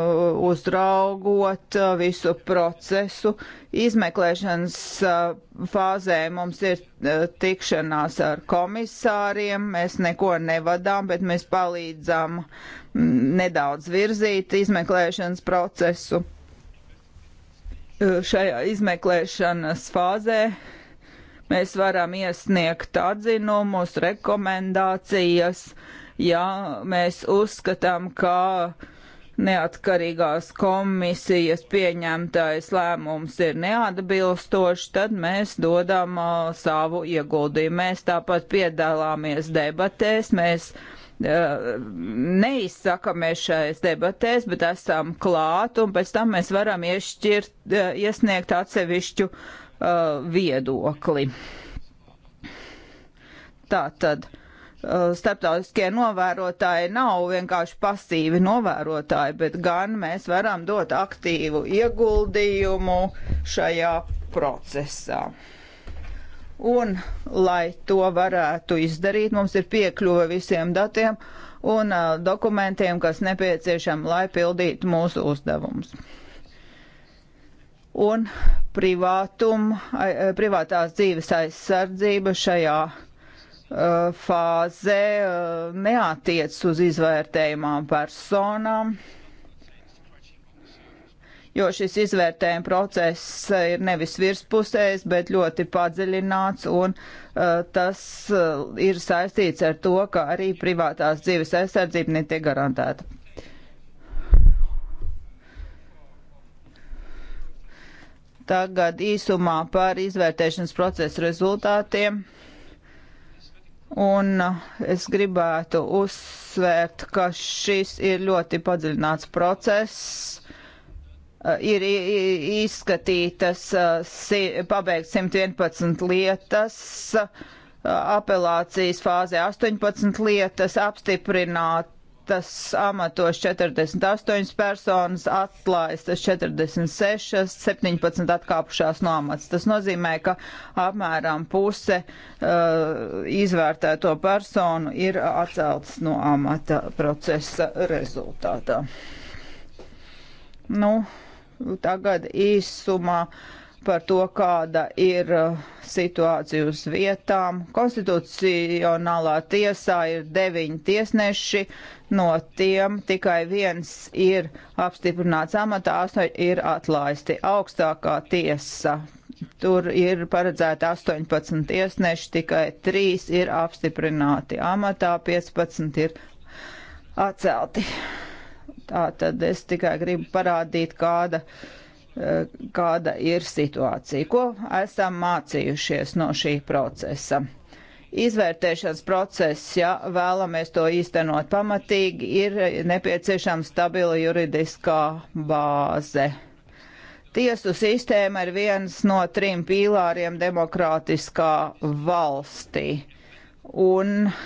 uzraugot uh, visu procesu. Izmeklēšanas uh, fāzē mums ir tikšanās ar komisāriem, mēs neko nevadām, bet mēs palīdzam mm, nedaudz virzīt izmeklēšanas procesu. Šajā izmeklēšanas fāzē Mēs varam iesniegt atzinumus, rekomendācijas, ja mēs uzskatām, ka neatkarīgās komisijas pieņemtais lēmums ir neatbilstošs, tad mēs dodam uh, savu ieguldījumu. Mēs tāpat piedalāmies debatēs, mēs uh, neizsakamies šais debatēs, bet esam klāt, un pēc tam mēs varam iešķirt, uh, iesniegt atsevišķu uh, Uh, viedokli. Tātad uh, starptautiskie novērotāji nav vienkārši pasīvi novērotāji, bet gan mēs varam dot aktīvu ieguldījumu šajā procesā. Un, lai to varētu izdarīt, mums ir piekļuve visiem datiem un uh, dokumentiem, kas nepieciešami, lai pildītu mūsu uzdevumus un privātum, eh, privātās dzīves aizsardzība šajā uh, fāzē uh, neatiec uz izvērtējumām personām, jo šis izvērtējuma process ir nevis virspusējs, bet ļoti padziļināts, un uh, tas ir saistīts ar to, ka arī privātās dzīves aizsardzība netiek garantēta. Tagad īsumā par izvērtēšanas procesu rezultātiem. Un uh, es gribētu uzsvērt, ka šis ir ļoti padziļināts process. Uh, ir izskatītas, uh, pabeigts 111 lietas, apelācijas fāzē 18 lietas, apstiprināt citas amatos 48 personas, atlaistas 46, 17 atkāpušās no amats. Tas nozīmē, ka apmēram puse uh, izvērtēto personu ir atceltas no amata procesa rezultātā. Nu, tagad īsumā. Uh, par to, kāda ir uh, situācija uz vietām. Konstitucionālā tiesā ir deviņi tiesneši, no tiem tikai viens ir apstiprināts amatā, astoņi ir atlaisti. Augstākā tiesa. Tur ir paredzēta 18 tiesneši, tikai 3 ir apstiprināti amatā, 15 ir atcelti. Tā tad es tikai gribu parādīt, kāda ir kāda ir situācija, ko esam mācījušies no šī procesa. Izvērtēšanas process, ja vēlamies to īstenot pamatīgi, ir nepieciešama stabila juridiskā bāze. Tiesu sistēma ir viens no trim pīlāriem demokrātiskā valstī. Un uh,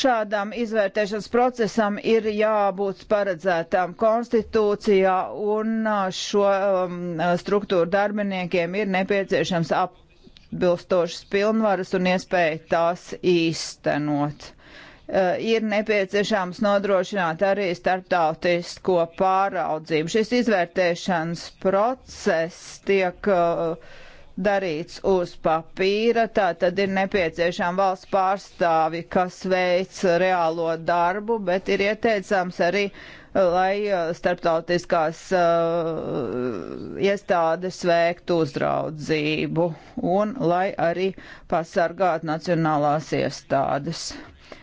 Šādam izvērtēšanas procesam ir jābūt paredzētām konstitūcijā, un šo um, struktūru darbiniekiem ir nepieciešams apbilstošas pilnvaras un iespēja tās īstenot. Uh, ir nepieciešams nodrošināt arī starptautisko pāraudzību. Šis izvērtēšanas process tiek uh, darīts uz papīra, tā tad ir nepieciešama valsts pārstāvi, kas veic reālo darbu, bet ir ieteicams arī, lai uh, starptautiskās uh, iestādes veiktu uzraudzību un lai arī pasargātu nacionālās iestādes.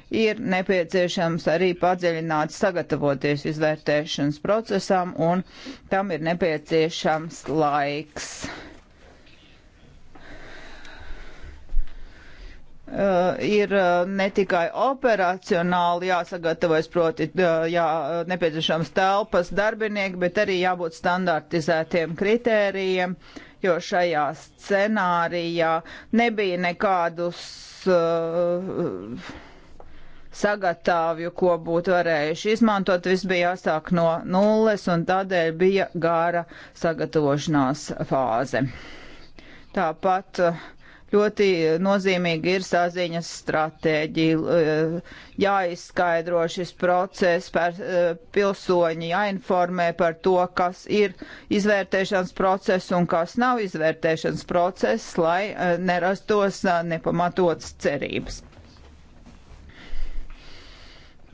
Ir nepieciešams arī padziļināt sagatavoties izvērtēšanas procesam, un tam ir nepieciešams laiks. Eh, ir eh, ne tikai operacionāli jāsagatavojas, proti, eh, jā, nepieciešams telpas darbinieki, bet arī jābūt standartizētiem kritērijiem, jo šajā scenārijā nebija nekādus uh, sagatāvju, ko būtu varējuši izmantot. Viss bija jāsāk no nulles, un tādēļ bija gāra sagatavošanās fāze. Tāpat uh, Ļoti nozīmīgi ir saziņas stratēģija, eh, jāizskaidro šis process, par, eh, pilsoņi jāinformē par to, kas ir izvērtēšanas process un kas nav izvērtēšanas process, lai eh, nerastos nepamatotas cerības.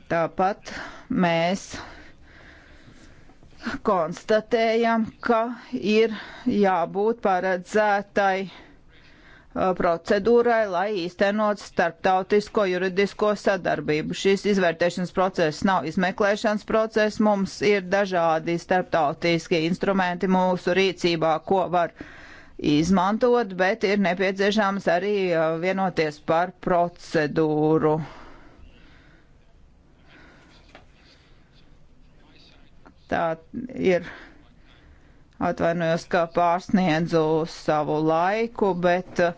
Tāpat mēs konstatējam, ka ir jābūt paredzētai Uh, procedūrai, lai īstenot starptautisko juridisko sadarbību. Šis izvērtēšanas process nav izmeklēšanas process, mums ir dažādi starptautiskie instrumenti mūsu rīcībā, ko var izmantot, bet ir nepieciešams arī uh, vienoties par procedūru. Tā ir Atvainojos, ka pārsniedzu savu laiku, bet uh,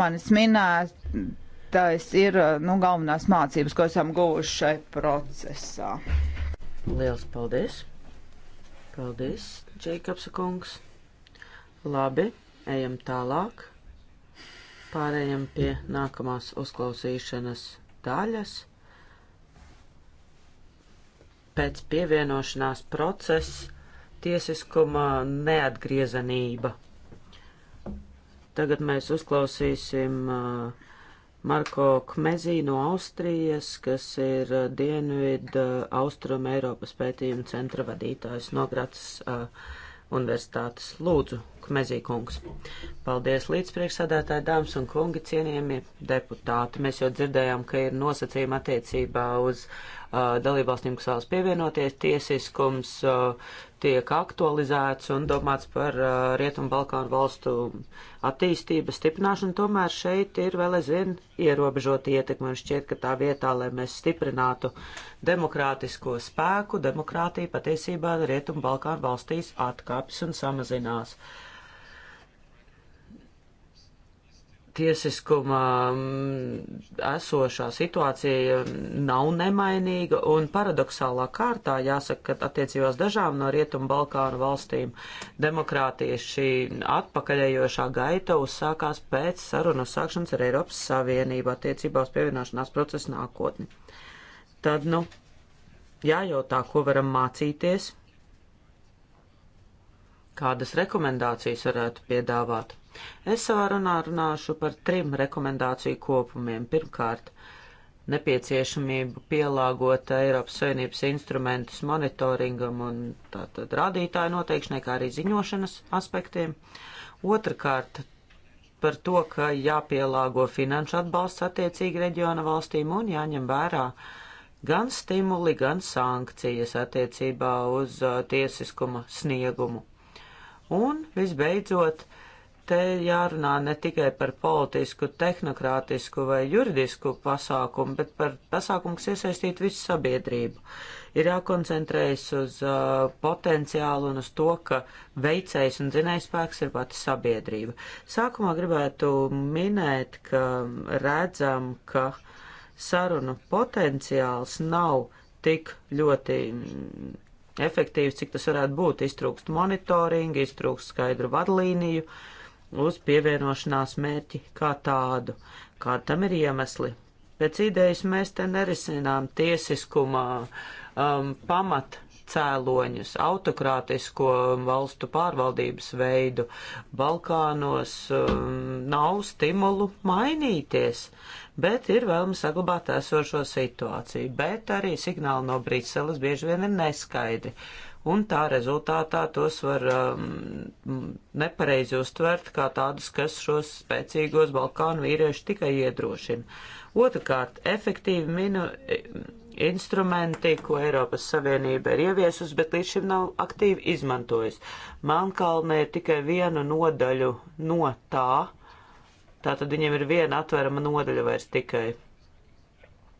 manis minētais ir eh, nu, galvenās mācības, ko esam guvuši šai procesā. Liels paldies! Paldies, Džeikabs kungs! Labi, ejam tālāk. Pārējam pie nākamās uzklausīšanas daļas pēc pievienošanās procesa tiesiskuma neatgriezenība. Tagad mēs uzklausīsim uh, Marko Kmezī no Austrijas, kas ir uh, Dienvidu uh, Austrum Eiropas pētījuma centra vadītājs no Gratas Universitātes. Lūdzu, Kmezī kungs. Paldies līdzpriekšsādātāji, dāmas un kungi, cienījamie deputāti. Mēs jau dzirdējām, ka ir nosacījumi attiecībā uz uh, dalībvalstīm, kas vēlas pievienoties, tiesiskums, uh, tiek aktualizēts un domāts par uh, Rietumu Balkānu valstu attīstības stiprināšanu, tomēr šeit ir vēl aizvien ierobežota ietekme. Man šķiet, ka tā vietā, lai mēs stiprinātu demokrātisko spēku, demokrātija patiesībā Rietumu Balkānu valstīs atkāpjas un samazinās. Uh, tiesiskuma mm, esošā situācija nav nemainīga, un paradoxālā kārtā jāsaka, ka attiecībās dažām no Rietumu Balkānu valstīm demokrātijas šī atpakaļējošā gaita uzsākās pēc sarunu sākšanas ar Eiropas Savienību attiecībā uz pievienošanās procesu nākotni. Tad, nu, jājautā, ko varam mācīties, kādas rekomendācijas varētu piedāvāt Es savā runā runāšu par trim rekomendāciju kopumiem. Pirmkārt, nepieciešamību pielāgot Eiropas Savienības instrumentus monitoringam un tātad rādītāju noteikšanai, kā arī ziņošanas aspektiem. Otrakārt, par to, ka jāpielāgo finanšu atbalsts attiecīgi reģiona valstīm un jāņem vērā gan stimuli, gan sankcijas attiecībā uz uh, tiesiskuma sniegumu. Un, visbeidzot, uh, Te jārunā ne tikai par politisku, tehnokrātisku vai juridisku pasākumu, bet par pasākumu, kas iesaistītu visu sabiedrību. Ir jākoncentrējas uz uh, potenciālu un uz to, ka veicējs un zinājspēks ir pati sabiedrība. Sākumā gribētu minēt, ka redzam, ka sarunu potenciāls nav tik ļoti efektīvs, cik tas varētu būt. Iztrūkst monitoringa, iztrūkst skaidru vadlīniju. Uh, uz pievienošanās mērķi kā tādu, kā tam ir iemesli. Pēc idejas mēs te nerisinām tiesiskuma um, pamat cēloņus, autokrātisko valstu pārvaldības veidu. Balkānos um, nav stimulu mainīties, bet ir vēlme saglabāt esošo situāciju, bet arī signāli no Briseles bieži vien ir neskaidri. Uh, un tā rezultātā tos var um, nepareizi uztvert kā tādus, kas šos spēcīgos Balkānu vīriešus tikai iedrošina. Otrakārt, efektīvi minu e, instrumenti, ko Eiropas Savienība ir ieviesusi, bet līdz šim nav aktīvi izmantojusi. Mankalnē ir tikai viena nodaļu no tā, tātad viņiem ir viena atverama nodaļa vairs tikai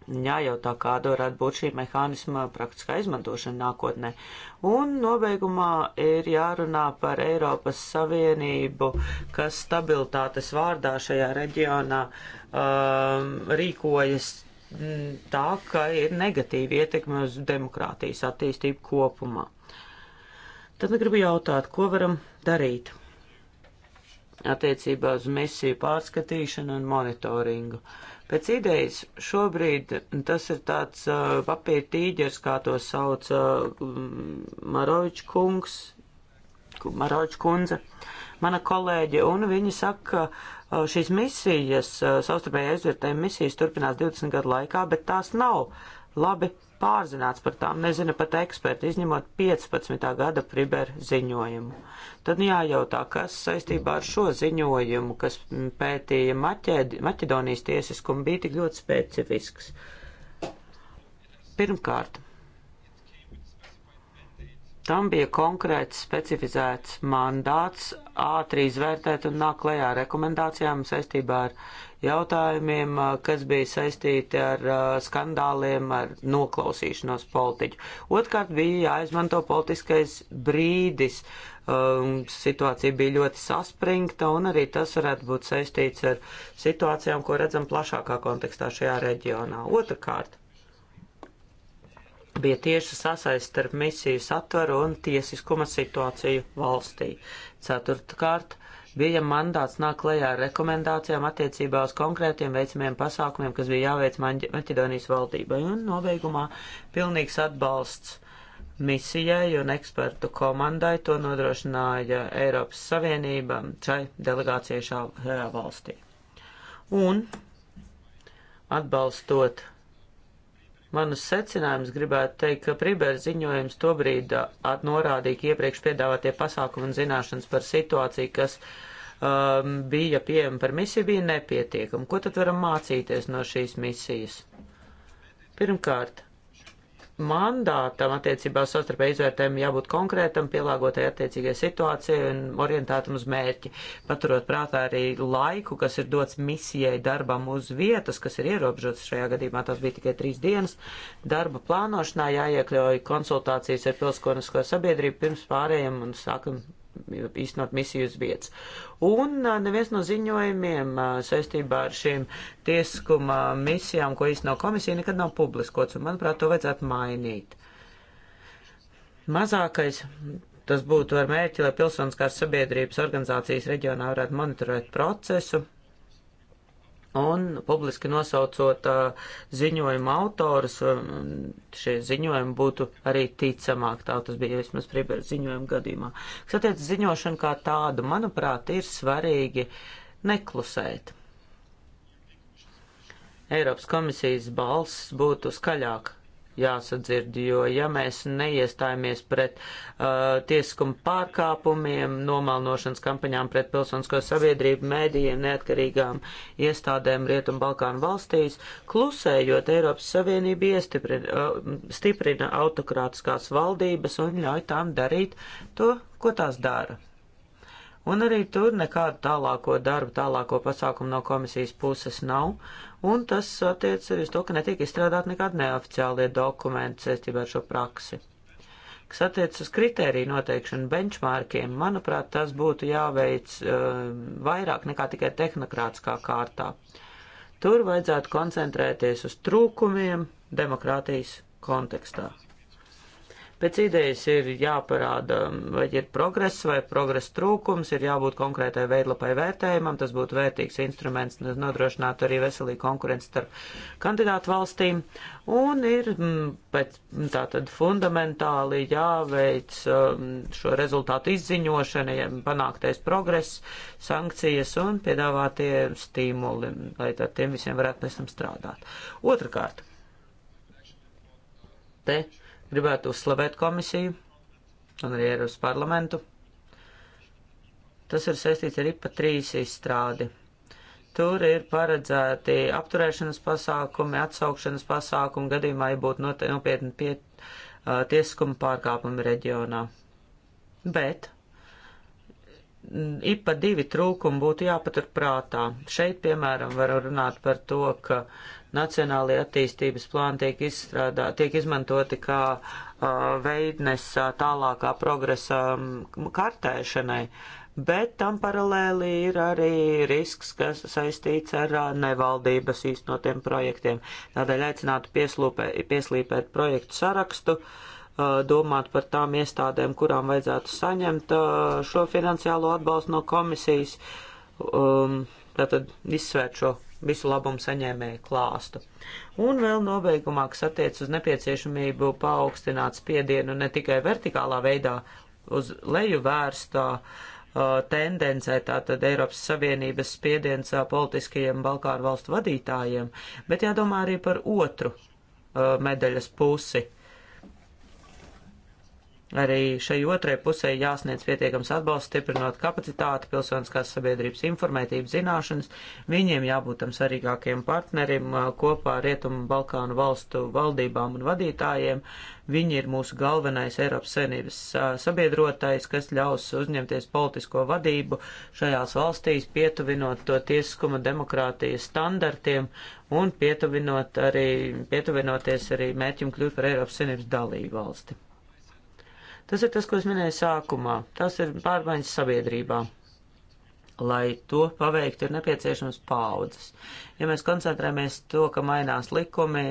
jājautā, kāda varētu būt šī mehānisma praktiskā izmantošana nākotnē. Un nobeigumā ir jārunā par Eiropas Savienību, kas stabilitātes vārdā šajā reģionā um, rīkojas mm, tā, ka ir negatīva ietekme uz demokrātijas attīstību kopumā. Tad nu gribu jautāt, ko varam darīt attiecībā uz misiju pārskatīšanu un monitoringu. Uh, Pēc idejas šobrīd tas ir tāds uh, papīra tīģers, kā to sauc uh, Marovičs kungs, Marovičs kundze, mana kolēģe, un viņi saka, ka uh, šīs misijas, uh, savstarpēji aizvērtējuma misijas turpinās 20 gadu laikā, bet tās nav labi pārzināts par tām, nezina pat eksperti, izņemot 15. gada priber ziņojumu. Tad nu jājautā, kas saistībā ar šo ziņojumu, kas pētīja Maķed Maķedonijas tiesiskumu, bija tik ļoti specifisks. Pirmkārt, tam bija konkrēts specifizēts mandāts ātri izvērtēt un nāk klajā rekomendācijām saistībā ar jautājumiem, kas bija saistīti ar skandāliem, ar noklausīšanos politiķu. Otkārt bija jāizmanto politiskais brīdis. Um, situācija bija ļoti saspringta, un arī tas varētu būt saistīts ar situācijām, ko redzam plašākā kontekstā šajā reģionā. Otrakārt, bija tieši sasaist starp misiju satvaru un tiesiskuma situāciju valstī. Ceturtkārt, uh, bija mandāts nāk klajā ar rekomendācijām attiecībā uz konkrētiem veicamiem pasākumiem, kas bija jāveic Maķedonijas valdībai. Un nobeigumā pilnīgs atbalsts misijai un ekspertu komandai to nodrošināja Eiropas Savienība šai delegācijai šajā valstī. Un atbalstot manus secinājumus, gribētu teikt, ka Pribēra ziņojums tobrīd norādīja, ka iepriekš piedāvātie pasākumi un zināšanas par situāciju, kas uh, um, bija pieejama par misiju, bija nepietiekama. Ko tad varam mācīties no šīs misijas? Pirmkārt, mandātam attiecībā uz sastarpēju izvērtējumu jābūt konkrētam, pielāgotai attiecīgai situācijai un orientētam uz mērķi, paturot prātā arī laiku, kas ir dots misijai darbam uz vietas, kas ir ierobežots šajā gadījumā, tas bija tikai trīs dienas. Darba plānošanā jāiekļauj konsultācijas ar pilskonisko sabiedrību pirms pārējiem un sākam īstenot misiju uz vietas. Un neviens no ziņojumiem saistībā ar šīm tieskuma misijām, ko īsteno komisija, nekad nav publiskots, un manuprāt, to vajadzētu mainīt. Mazākais tas būtu ar mērķi, lai pilsoniskās sabiedrības organizācijas reģionā varētu monitorēt procesu, Un publiski nosaucot ziņojuma autorus, šie ziņojumi būtu arī ticamāk. Tā tas bija vismaz Pribera ziņojuma gadījumā. Kas attiec ziņošanu kā tādu, manuprāt, ir svarīgi neklusēt. Eiropas komisijas balss būtu skaļāk jāsadzird, jo ja mēs neiestājamies pret uh, tiesiskumu pārkāpumiem, nomalnošanas kampaņām pret pilsonisko sabiedrību, mēdījiem, neatkarīgām iestādēm Rietumbalkānu valstīs, klusējot Eiropas Savienību iestiprina, uh, stiprina autokrātiskās valdības un ļauj tām darīt to, ko tās dara un arī tur nekādu tālāko darbu, tālāko pasākumu no komisijas puses nav, un tas attiec arī uz to, ka netiek izstrādāt nekādi neoficiālie dokumenti saistībā ar šo praksi. Kas attiec uz kritēriju noteikšanu benchmarkiem, manuprāt, tas būtu jāveic uh, vairāk nekā tikai tehnokrātiskā kārtā. Tur vajadzētu koncentrēties uz trūkumiem demokrātijas kontekstā. Pēc idejas ir jāparāda, vai ir progress vai progress trūkums, ir jābūt konkrētai veidlapai vērtējumam, tas būtu vērtīgs instruments, nodrošinātu arī veselīgu konkurenci starp kandidātu valstīm, un ir mm, pēc tā tad fundamentāli jāveic mm, šo rezultātu izziņošana, ja panāktais progress, sankcijas un piedāvātie stimuli, lai tad tiem visiem varētu pēc tam strādāt. Otrakārt, te Gribētu uzslavēt komisiju un arī Eiropas parlamentu. Tas ir saistīts ar IPA 3 izstrādi. Tur ir paredzēti apturēšanas pasākumi, atsaukšanas pasākumi gadījumā, ja būtu nopietni pie, uh, tiesiskuma pārkāpumi reģionā. Bet IPA 2 trūkumu būtu jāpatur prātā. Šeit, piemēram, var runāt par to, ka uh, Nacionālajie attīstības plāni tiek, izstrādā, tiek izmantoti kā uh, veidnes uh, tālākā progresa um, kartēšanai, bet tam paralēli ir arī risks, kas saistīts ar uh, nevaldības īstenotiem projektiem. Tādēļ aicinātu pieslūpē, pieslīpēt projektu sarakstu. Uh, domāt par tām iestādēm, kurām vajadzētu saņemt šo finansiālo atbalstu no komisijas, um, tātad izsvērt šo visu labumu saņēmēju klāstu. Un vēl nobeigumā, kas attiec uz nepieciešamību paaugstināt spiedienu ne tikai vertikālā veidā uz leju vērstā uh, tendencē, tātad Eiropas Savienības spiediens uh, politiskajiem Balkānu valstu vadītājiem, bet jādomā arī par otru uh, medaļas pusi Arī šai otrai pusē jāsniedz pietiekams atbalsts, stiprinot kapacitāti, pilsoniskās sabiedrības informētības zināšanas. Viņiem jābūt tam svarīgākiem partnerim uh, kopā ar Rietumu Balkānu valstu valdībām un vadītājiem. Viņi ir mūsu galvenais Eiropas savienības uh, sabiedrotais, kas ļaus uzņemties politisko vadību šajās valstīs, pietuvinot to tiesiskuma demokrātijas standartiem un pietuvinot arī, pietuvinoties arī mērķim kļūt par Eiropas savienības dalību valsti. Tas ir tas, ko es minēju sākumā. Tas ir pārmaiņas sabiedrībā. Lai to paveikt, ir nepieciešams paudzes. Ja mēs koncentrējamies to, ka mainās likumi,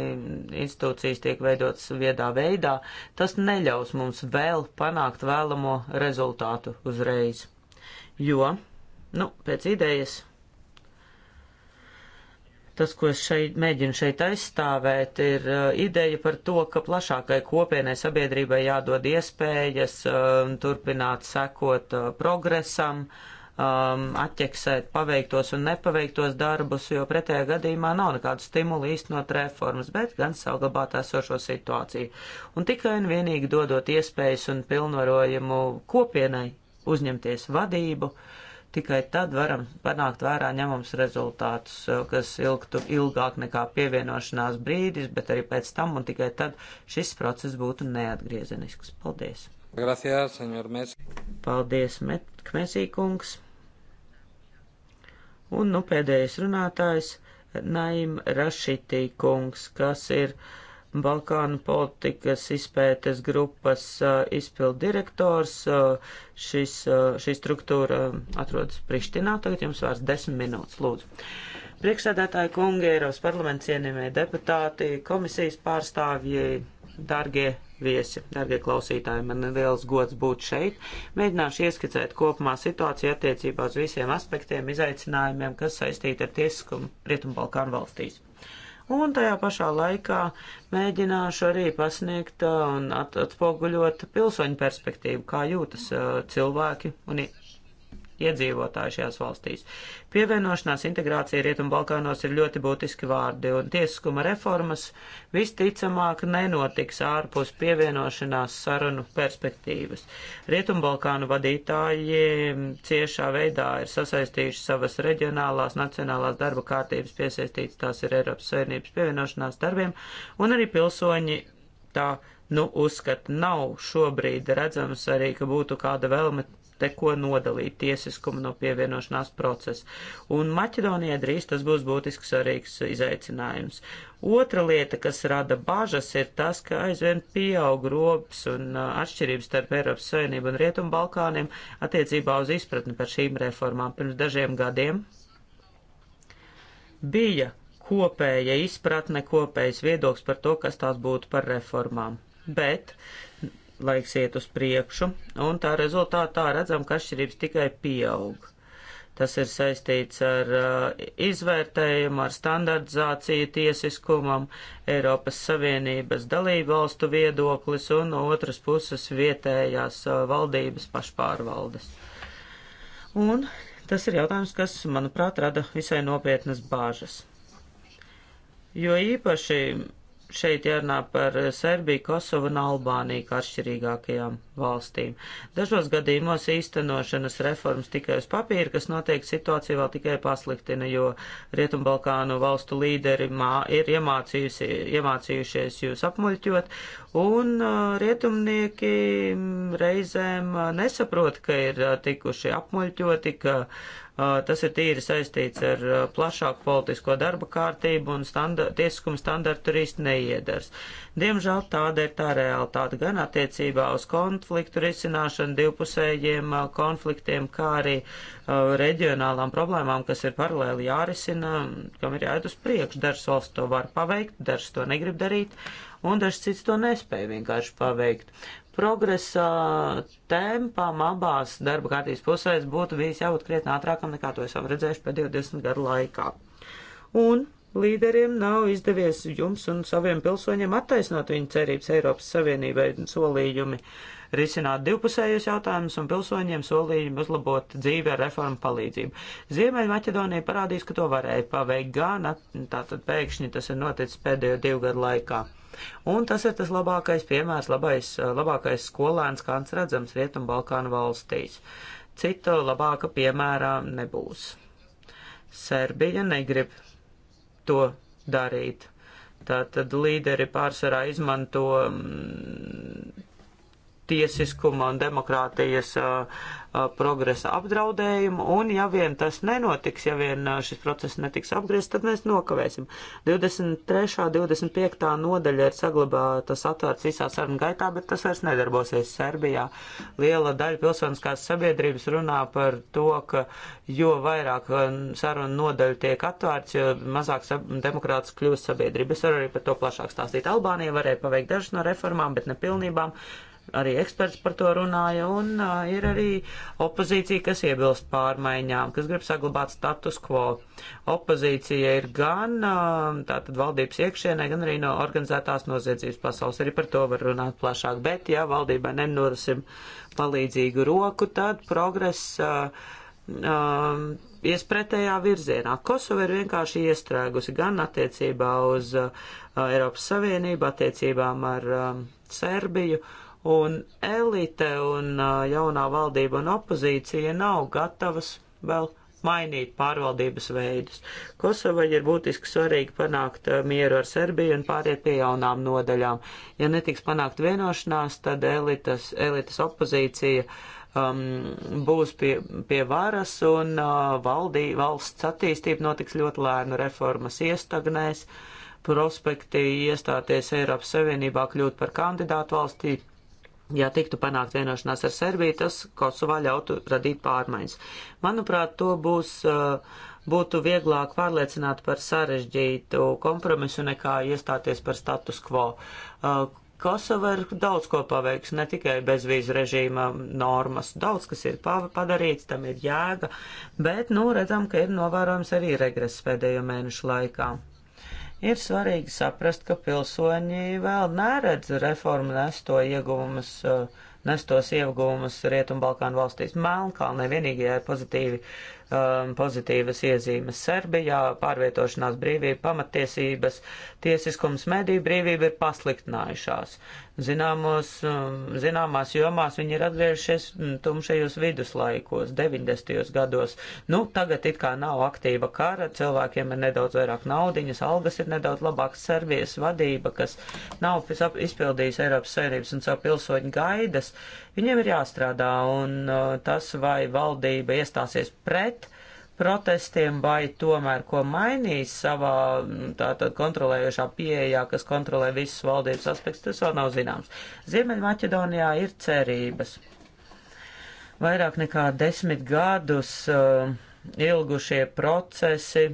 institūcijas tiek veidotas viedā veidā, tas neļaus mums vēl panākt vēlamo rezultātu uzreiz. Jo, nu, pēc idejas Tas, ko es šeit mēģinu šeit aizstāvēt, ir uh, ideja par to, ka plašākai kopienai sabiedrībai jādod iespējas uh, turpināt sekot uh, progresam, um, atķeksēt paveiktos un nepaveiktos darbus, jo pretējā gadījumā nav nekādu stimulu īstenot reformas, bet gan saglabāt esošo situāciju. Un tikai un vienīgi dodot iespējas un pilnvarojumu kopienai uzņemties vadību, uh, Tikai tad varam panākt vērā ņemums rezultātus, eh, kas ilgtu ilgāk nekā pievienošanās brīdis, bet arī pēc tam, un tikai tad šis process būtu neatgriezenisks. Paldies! Gracias, senor Mēs. Paldies, Met Kmesīkungs! Un nu pēdējais runātājs Naim Rašitī kungs, kas ir. Uh, Balkānu politikas izpētes grupas uh, izpildu direktors. Uh, šis, uh, šī struktūra atrodas Prištinā. Tagad jums vairs desmit minūtes, lūdzu. Priekšsēdētāji kungi, Eiropas parlaments ienīmē deputāti, komisijas pārstāvji, dargie viesi, dargie klausītāji, man ir liels gods būt šeit. Mēģināšu ieskicēt kopumā situāciju attiecībā uz visiem aspektiem, izaicinājumiem, kas saistīti ar tiesiskumu Rietumbalkānu valstīs un tajā pašā laikā mēģināšu arī pasniegt uh, un atspoguļot pilsoņu perspektīvu, kā jūtas uh, cilvēki un iedzīvotāji šajās valstīs. Pievienošanās integrācija Rietumbalkānos ir ļoti būtiski vārdi, un tiesiskuma reformas visticamāk nenotiks ārpus pievienošanās sarunu perspektīvas. Rietumbalkānu vadītāji ciešā veidā ir sasaistījuši savas reģionālās, nacionālās darba kārtības piesaistītas, tās ir Eiropas Savienības pievienošanās darbiem, un arī pilsoņi tā nu, uzskata, nav šobrīd redzams arī, ka būtu kāda vēlme te ko nodalīt tiesiskumu no pievienošanās procesa. Un Maķedonijai drīz tas būs būtisks svarīgs izaicinājums. Otra lieta, kas rada bažas, ir tas, ka aizvien pieaug robs un uh, atšķirības starp Eiropas Savienību un Rietumu Balkāniem attiecībā uz izpratni par šīm reformām. Pirms dažiem gadiem bija kopēja izpratne, kopējs viedoklis par to, kas tās būtu par reformām. Bet laiks iet uz priekšu, un tā rezultātā redzam, ka atšķirības tikai pieaug. Tas ir saistīts ar uh, izvērtējumu, ar standartizāciju tiesiskumam, Eiropas Savienības dalību valstu viedoklis un no otras puses vietējās uh, valdības pašpārvaldes. Un tas ir jautājums, kas, manuprāt, rada visai nopietnas bāžas. Jo īpaši šeit jārunā par Serbiju, Kosovu un Albāniju kā atšķirīgākajām valstīm. Dažos gadījumos īstenošanas reformas tikai uz papīra, kas noteikti situāciju vēl tikai pasliktina, jo Rietumbalkānu valstu līderi mā, ir iemācījušies jūs apmuļķot, un uh, rietumnieki mm, reizēm uh, nesaprot, ka ir uh, tikuši apmuļķoti, ka uh, Uh, tas ir tīri saistīts ar uh, plašāku politisko darba kārtību un standa tiesiskuma standartu tur īsti neiedars. Diemžēl tāda ir tā realitāte gan attiecībā uz konfliktu risināšanu, divpusējiem uh, konfliktiem, kā arī reģionālām problēmām, kas ir paralēli jārisina, kam ir jāiet uz priekšu. Dažas valsts to var paveikt, dažas to negrib darīt, un dažs cits to nespēja vienkārši paveikt progresa tempam abās darba kārtības pusēs būtu bijis jābūt krietni ātrākam nekā to esam redzējuši pēdējo desmit gadu laikā. Un līderiem nav izdevies jums un saviem pilsoņiem attaisnot viņu cerības Eiropas Savienībai solījumi risināt divpusējos jautājumus un pilsoņiem solījumi uzlabot dzīvi ar reformu palīdzību. Ziemeļmaķedonija parādīs, ka to varēja paveikt gan, tātad pēkšņi tas ir noticis pēdējo divu gadu laikā. Un tas ir tas labākais piemērs, labais, eh, labākais skolēns, kāds redzams Rietumbalkānu valstīs. Cita labāka piemērā nebūs. Serbija negrib to darīt. Tātad līderi pārsvarā izmanto mm, tiesiskuma un demokrātijas uh, progresa apdraudējumu, un ja vien tas nenotiks, ja vien šis process netiks apgriezt, tad mēs nokavēsim. 23. un 25. nodaļa ir saglabātas atvērts visā sarunu gaitā, bet tas vairs nedarbosies Serbijā. Liela daļa pilsoniskās sabiedrības runā par to, ka jo vairāk sarunu nodaļu tiek atvērts, jo mazāk demokrāts kļūst sabiedrība. Es varu arī par to plašāk stāstīt. Albānija varēja paveikt dažas no reformām, bet ne pilnībām arī eksperts par to runāja, un uh, ir arī opozīcija, kas iebilst pārmaiņām, kas grib saglabāt status quo. Opozīcija ir gan uh, tātad valdības iekšienē, gan arī no organizētās noziedzības pasaules. Arī par to var runāt plašāk, bet ja valdībai nenorasim palīdzīgu roku, tad progress. Uh, um, ies pretējā virzienā. Kosova ir vienkārši iestrēgusi gan attiecībā uz uh, Eiropas Savienību, attiecībām ar um, Serbiju, uh, Un elite un jaunā valdība un opozīcija nav gatavas vēl mainīt pārvaldības veidus. Kosovai ir būtiski svarīgi panākt mieru ar Serbiju un pāriet pie jaunām nodaļām. Ja netiks panākt vienošanās, tad elitas, elitas opozīcija um, būs pie, pie varas un uh, valdī, valsts attīstība notiks ļoti lēnu, reformas iestagnēs, prospekti iestāties Eiropas Savienībā kļūt par kandidātu valstī Ja tiktu panākt vienošanās ar Serbiju, tas Kosovā ļautu radīt pārmaiņas. Manuprāt, to būs, uh, būtu vieglāk pārliecināt par sarežģītu kompromisu nekā iestāties par status quo. Uh, Kosova ir daudz ko paveiks, ne tikai bezvīzu režīma normas. Daudz, kas ir padarīts, tam ir jēga, bet, nu, redzam, ka ir novērojams arī regress pēdējo mēnešu laikā. Ir svarīgi saprast, ka pilsoņi vēl neredz reformu nesto ieguvumus, eh, nestos ieguvumus Rietumbalkānu valstīs. Melnkalne vienīgajai pozitīvi um, pozitīvas iezīmes. Serbijā pārvietošanās brīvība, pamatiesības, tiesiskums, mediju brīvība ir pasliktinājušās. Zināmos, um, zināmās jomās viņi ir atgriežies mm, tumšajos viduslaikos, 90. gados. Nu, tagad it kā nav aktīva kara, cilvēkiem ir nedaudz vairāk naudiņas, algas ir nedaudz labākas. Serbijas vadība, kas nav izpildījusi Eiropas Savienības un savu pilsoņu gaidas, uh, Viņiem ir jāstrādā, un uh, tas, vai valdība iestāsies pret protestiem, vai tomēr ko mainīs savā mm, tātad kontrolējošā pieejā, kas kontrolē visus valdības aspektus, tas vēl nav zināms. Ziemeļmaķedonijā ir cerības vairāk nekā desmit gadus uh, ilgušie procesi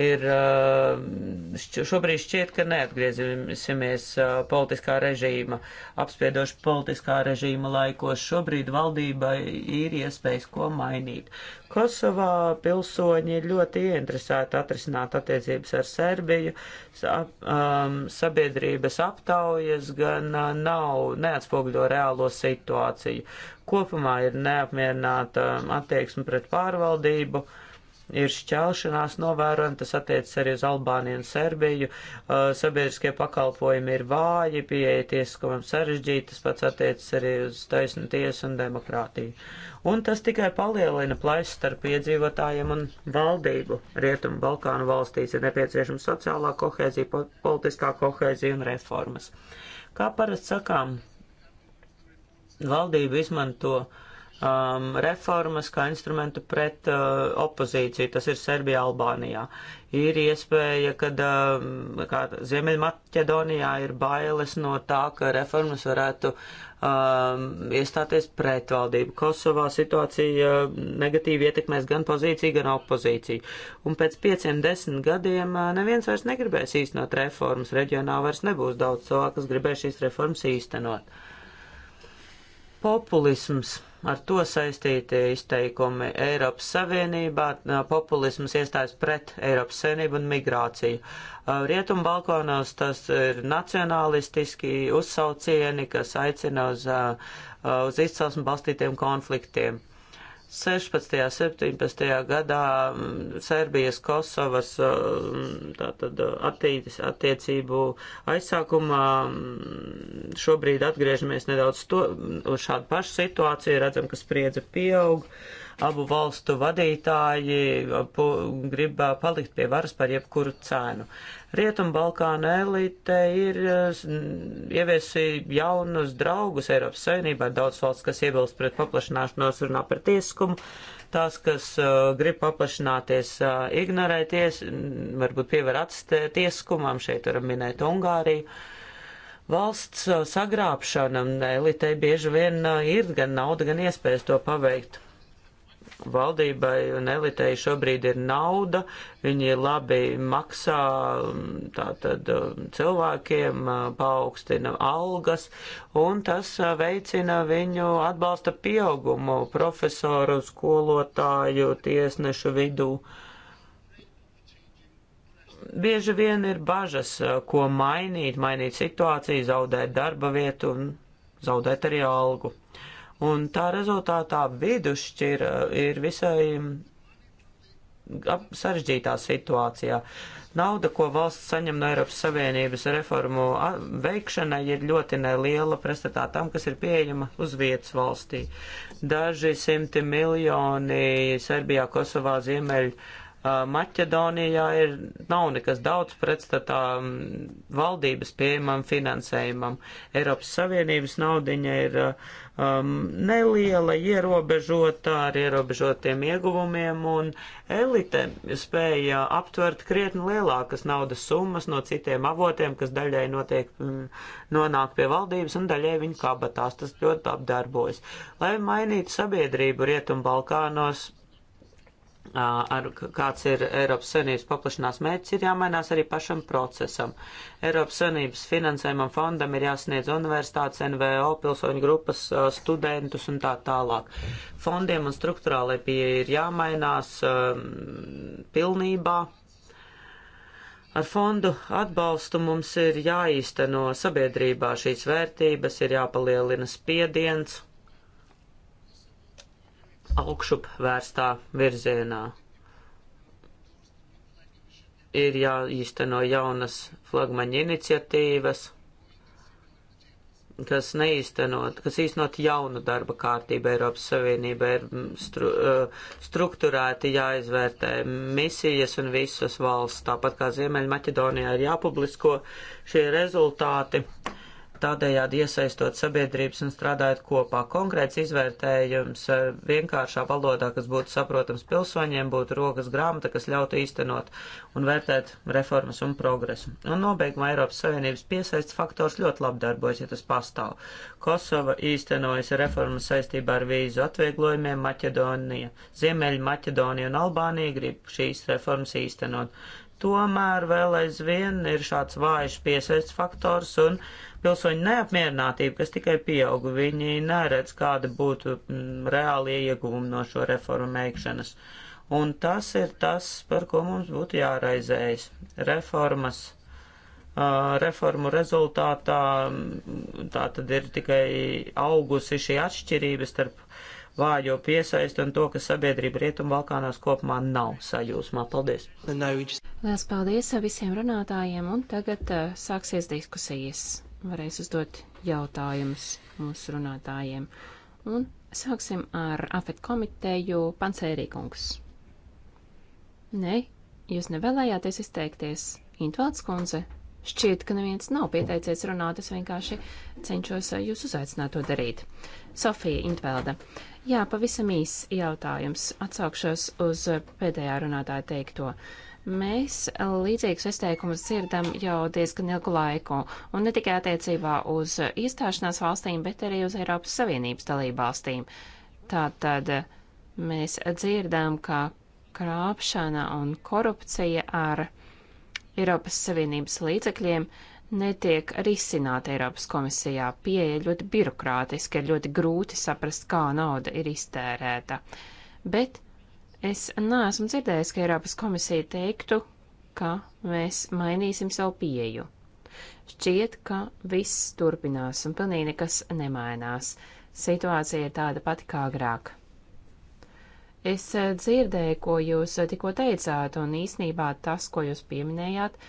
ir eh, šobrīd šķiet, ka neatgriezīsimies eh, politiskā režīma, apspiedoši politiskā režīma laikos. Šobrīd valdībai ir iespējas ko mainīt. Kosovā pilsoņi ir ļoti ieinteresēti atrisināt attiecības ar Serbiju. Um, sabiedrības aptaujas gan eh, nav, neatspoguļo reālo situāciju. Kopumā ir neapmierināta um, attieksme pret pārvaldību. Uh, ir šķelšanās novērojama, tas attiecas arī uz Albāniju un Serbiju, uh, sabiedriskie pakalpojumi ir vāji, pieeja tiesiskumam sarežģīta, tas pats attiecas arī uz taisnu tiesu un demokrātiju. Un tas tikai palielina plaisu starp iedzīvotājiem un valdību. Rietumu Balkānu valstīs ir nepieciešama sociālā kohēzija, politiskā kohēzija un reformas. Kā parasti sakām, valdība izmanto uh, um, reformas kā instrumentu pret uh, opozīciju, tas ir Serbijā, Albānijā. Ir iespēja, ka uh, um, Ziemeļmaķedonijā ir bailes no tā, ka reformas varētu um, iestāties pret valdību. Kosovā situācija uh, negatīvi ietekmēs gan pozīciju, gan opozīciju. Un pēc pieciem, desmit gadiem uh, neviens vairs negribēs īstenot reformas. Reģionā vairs nebūs daudz cilvēku, kas gribēs šīs reformas īstenot. Populisms ar to saistīti izteikumi Eiropas Savienībā, populisms iestājas pret Eiropas Savienību un migrāciju. Rietumu balkonos tas ir nacionalistiski uzsaucieni, kas aicina uz, uz izcelsmu balstītiem konfliktiem. 16. un 17. gadā mm, Serbijas, Kosovas mm, tātad, uh, attītis, attiecību aizsākumā mm, šobrīd atgriežamies nedaudz to, uz šādu pašu situāciju, redzam, ka spriedze pieaug. Uh, abu valstu vadītāji uh, pu, grib uh, palikt pie varas par jebkuru cēnu. Rietumbalkāna elite ir uh, ieviesi jaunus draugus Eiropas Savienībā, daudz valsts, kas iebilst pret paplašanāšanos, runā par tiesiskumu. Tās, kas uh, grib paplašināties, uh, ignorēties, varbūt pievar atstātieskumam, šeit varam minēt Ungāriju. Uh, valsts sagrābšana elitei bieži vien ir gan nauda, gan iespējas to paveikt. Valdībai un elitei šobrīd ir nauda, viņi labi maksā um, tātad um, cilvēkiem, uh, paaugstina algas, un tas uh, veicina viņu atbalsta pieaugumu profesoru, skolotāju, tiesnešu vidū bieži vien ir bažas, uh, ko mainīt, mainīt situāciju, zaudēt darba vietu un zaudēt arī algu. Un tā rezultātā vidusšķira ir visai sarežģītā situācijā. Nauda, ko valsts saņem no Eiropas Savienības reformu veikšanai, ir ļoti neliela pretstatā tam, kas ir pieejama uz vietas valstī. Daži simti miljoni Serbijā, Kosovā, Ziemeļ Uh, Maķedonijā ir, nav nekas daudz pretstatā um, valdības pieejamam finansējumam. Eiropas Savienības naudiņa ir uh, um, neliela, ierobežota ar ierobežotiem ieguvumiem, un elite spēja aptvert krietni lielākas naudas summas no citiem avotiem, kas daļai notiek, mm, nonāk pie valdības un daļai viņa kabatās. Tas ļoti apdarbojas. Lai mainītu sabiedrību Rietumbalkānos, ar kāds ir Eiropas Savienības paplašanās mērķis, ir jāmainās arī pašam procesam. Eiropas Savienības finansējumam fondam ir jāsniedz universitātes, NVO, pilsoņu grupas, studentus un tā tālāk. Fondiem un struktūrālai pieeja ir jāmainās um, pilnībā. Ar fondu atbalstu mums ir jāīsteno sabiedrībā šīs vērtības, ir jāpalielina spiediens augšup vērstā virzienā. Ir jāīsteno jaunas flagmaņa iniciatīvas, kas neīstenot, kas īstenot jaunu darba kārtību Eiropas Savienībā ir mm, stru, strukturēti jāizvērtē misijas un visas valsts, tāpat kā Ziemeļmaķedonijā ir jāpublisko šie rezultāti. Uh, tādējādi iesaistot sabiedrības un strādājot kopā. Konkrēts izvērtējums eh, vienkāršā valodā, kas būtu saprotams pilsoņiem, būtu rokas grāmata, kas ļautu īstenot un vērtēt reformas un progresu. Un nobeigumā Eiropas Savienības piesaists faktors ļoti labi darbojas, ja tas pastāv. Kosova īstenojas reformas saistībā ar vīzu atvieglojumiem, Maķedonija, Ziemeļa Maķedonija un Albānija grib šīs reformas īstenot tomēr vēl aizvien ir šāds vājš piesaists faktors un pilsoņu neapmierinātību, kas tikai pieauga. Viņi neredz, kāda būtu mm, reāli ieguvumi no šo reformu veikšanas. Un tas ir tas, par ko mums būtu jāraizējas. Reformas reformu rezultātā mm, tā tad ir tikai augusi šī atšķirība starp vājo piesaistu un to, ka sabiedrība Rietumbalkānās kopumā nav sajūsmā. Paldies! Lielas paldies visiem runātājiem, un tagad uh, sāksies diskusijas varēs uzdot jautājumus mūsu runātājiem. Un sāksim ar afet komiteju Pancērīkungs. Nē, jūs nevēlējāties izteikties. Intvalds kundze, šķiet, ka neviens nav pieteicies runāt, es vienkārši cenšos eh, jūs uzaicināt to darīt. Sofija Intvelda. Jā, pavisam īs jautājums. Atsaukšos uz eh, pēdējā runātāja teikto. Uh, Mēs līdzīgus izteikumus dzirdam jau diezgan ilgu laiku, un ne tikai attiecībā uz iestāšanās valstīm, bet arī uz Eiropas Savienības dalībvalstīm. Tātad mēs dzirdam, ka krāpšana un korupcija ar Eiropas Savienības līdzekļiem netiek risināta Eiropas komisijā. Pieeja ļoti birokrātiski, ir ļoti grūti saprast, kā nauda ir iztērēta. Bet Es neesmu dzirdējis, ka Eiropas komisija teiktu, ka mēs mainīsim savu pieeju. Šķiet, ka viss turpinās un pilnīgi nekas nemainās. Situācija ir tāda pati kā agrāk. Es eh, dzirdēju, ko jūs eh, tikko teicāt, un īsnībā tas, ko jūs pieminējāt,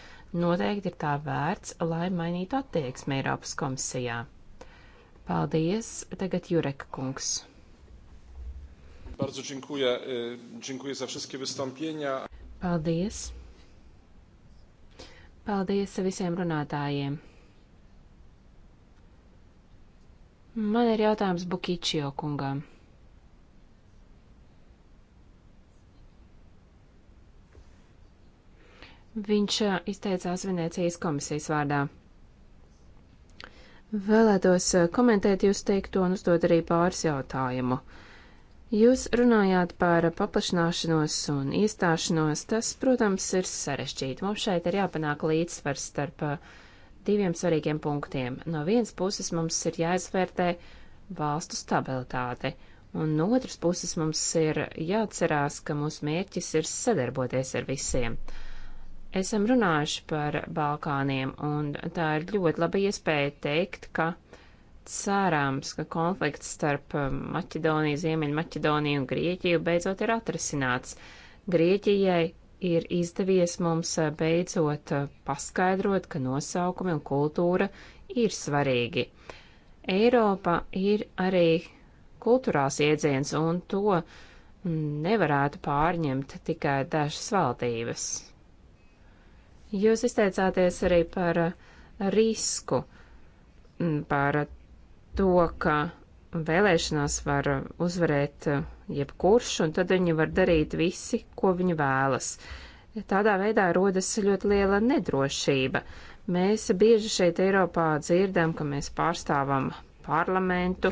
noteikti ir tā vērts, lai mainītu attieksmi Eiropas komisijā. Paldies, tagad Jureka kungs. Bardzo dziękuję. Dziękuję za wszystkie wystąpienia. Paldies. Paldies visiem runātājiem. Man ir jautājums Bukičio kungam. Viņš uh, izteicās Venecijas komisijas vārdā. Vēlētos uh, komentēt jūs teikto un uzdot arī pāris jautājumu. Jūs runājāt par paplašināšanos un iestāšanos. Tas, protams, ir sarežģīti. Mums šeit ir jāpanāk līdzsvars starp uh, diviem svarīgiem punktiem. No vienas puses mums ir jāizvērtē valstu stabilitāte, un no otras puses mums ir jāatcerās, ka mūsu mērķis ir sadarboties ar visiem. Esam runājuši par Balkāniem, un tā ir ļoti laba iespēja teikt, ka cerams, ka konflikts starp um, Maķedoniju, Ziemeļu Maķedoniju un Grieķiju beidzot ir atrisināts. Grieķijai ir izdevies mums uh, beidzot uh, paskaidrot, ka nosaukumi un kultūra ir svarīgi. Eiropa ir arī kultūrās iedziens, un to mm, nevarētu pārņemt tikai dažas valdības. Jūs izteicāties arī par uh, risku, mm, par to, ka vēlēšanās var uzvarēt eh, jebkurš, un tad viņi var darīt visi, ko viņi vēlas. Tādā veidā rodas ļoti liela nedrošība. Mēs bieži šeit Eiropā dzirdam, ka mēs pārstāvam parlamentu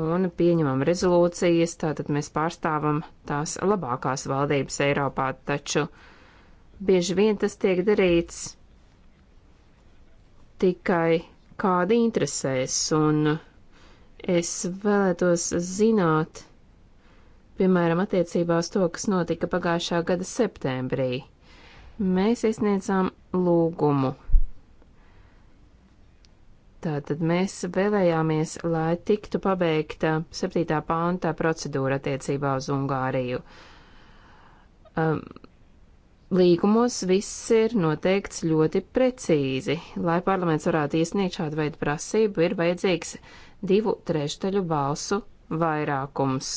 un pieņemam rezolūcijas, tātad mēs pārstāvam tās labākās valdības Eiropā, taču bieži vien tas tiek darīts tikai kādi interesēs, un es vēlētos zināt, piemēram, attiecībā uz to, kas notika pagājušā gada septembrī. Mēs iesniedzām lūgumu. Tātad mēs vēlējāmies, lai tiktu pabeigta 7. pāntā procedūra attiecībā uz Ungāriju. Um, Līgumos viss ir noteikts ļoti precīzi. Lai parlaments varētu iesniegt šādu veidu prasību, ir vajadzīgs divu trešdaļu balsu vairākums.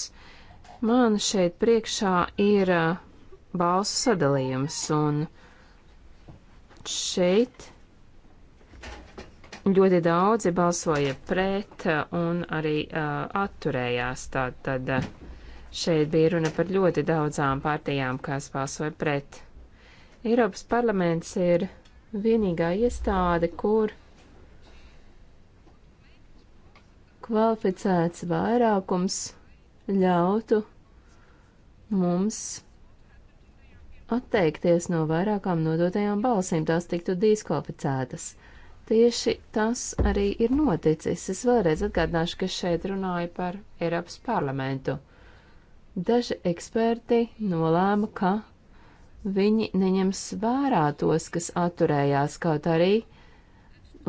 Man šeit priekšā ir uh, balsu sadalījums, un šeit ļoti daudzi balsoja pret uh, un arī uh, atturējās. Tātad uh, šeit bija runa par ļoti daudzām partijām, kas balsoja pret. Eiropas parlaments ir vienīgā iestāde, kur kvalificēts vairākums ļautu mums atteikties no vairākām nodotajām balsīm, tās tiktu diskvalificētas. Tieši tas arī ir noticis. Es vēlreiz atgādināšu, ka šeit runāju par Eiropas parlamentu. Daži eksperti nolēma, ka viņi neņems vērā tos, kas atturējās, kaut arī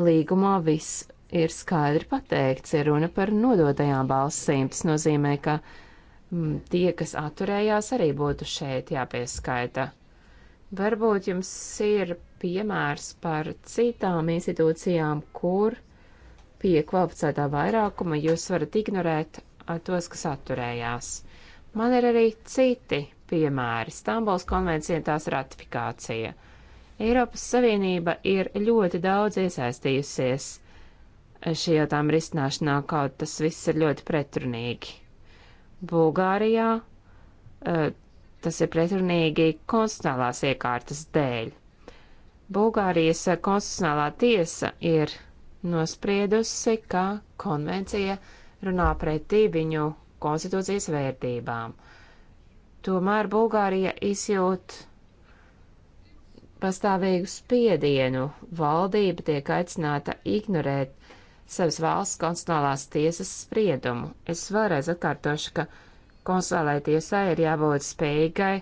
līgumā viss ir skaidri pateikts, ir runa par nodotajām balsīm. Tas nozīmē, ka m, mm, tie, kas atturējās, arī būtu šeit jāpieskaita. Varbūt jums ir piemērs par citām institūcijām, kur pie kvalificētā vairākuma jūs varat ignorēt tos, kas atturējās. Man ir arī citi piemēri. Stambuls konvencija un tās ratifikācija. Eiropas Savienība ir ļoti daudz iesaistījusies šī jautājuma risināšanā, kaut tas viss ir ļoti pretrunīgi. Bulgārijā e, tas ir pretrunīgi konstitucionālās iekārtas dēļ. Bulgārijas konstitucionālā tiesa ir nospriedusi, ka konvencija runā pretī viņu konstitūcijas vērtībām. Uh, Tomēr Bulgārija izjūt pastāvīgu spiedienu. Valdība tiek aicināta ignorēt savas valsts konstitucionālās tiesas spriedumu. Es vēlreiz atkārtošu, ka konstitucionālajai tiesai ir jābūt spējīgai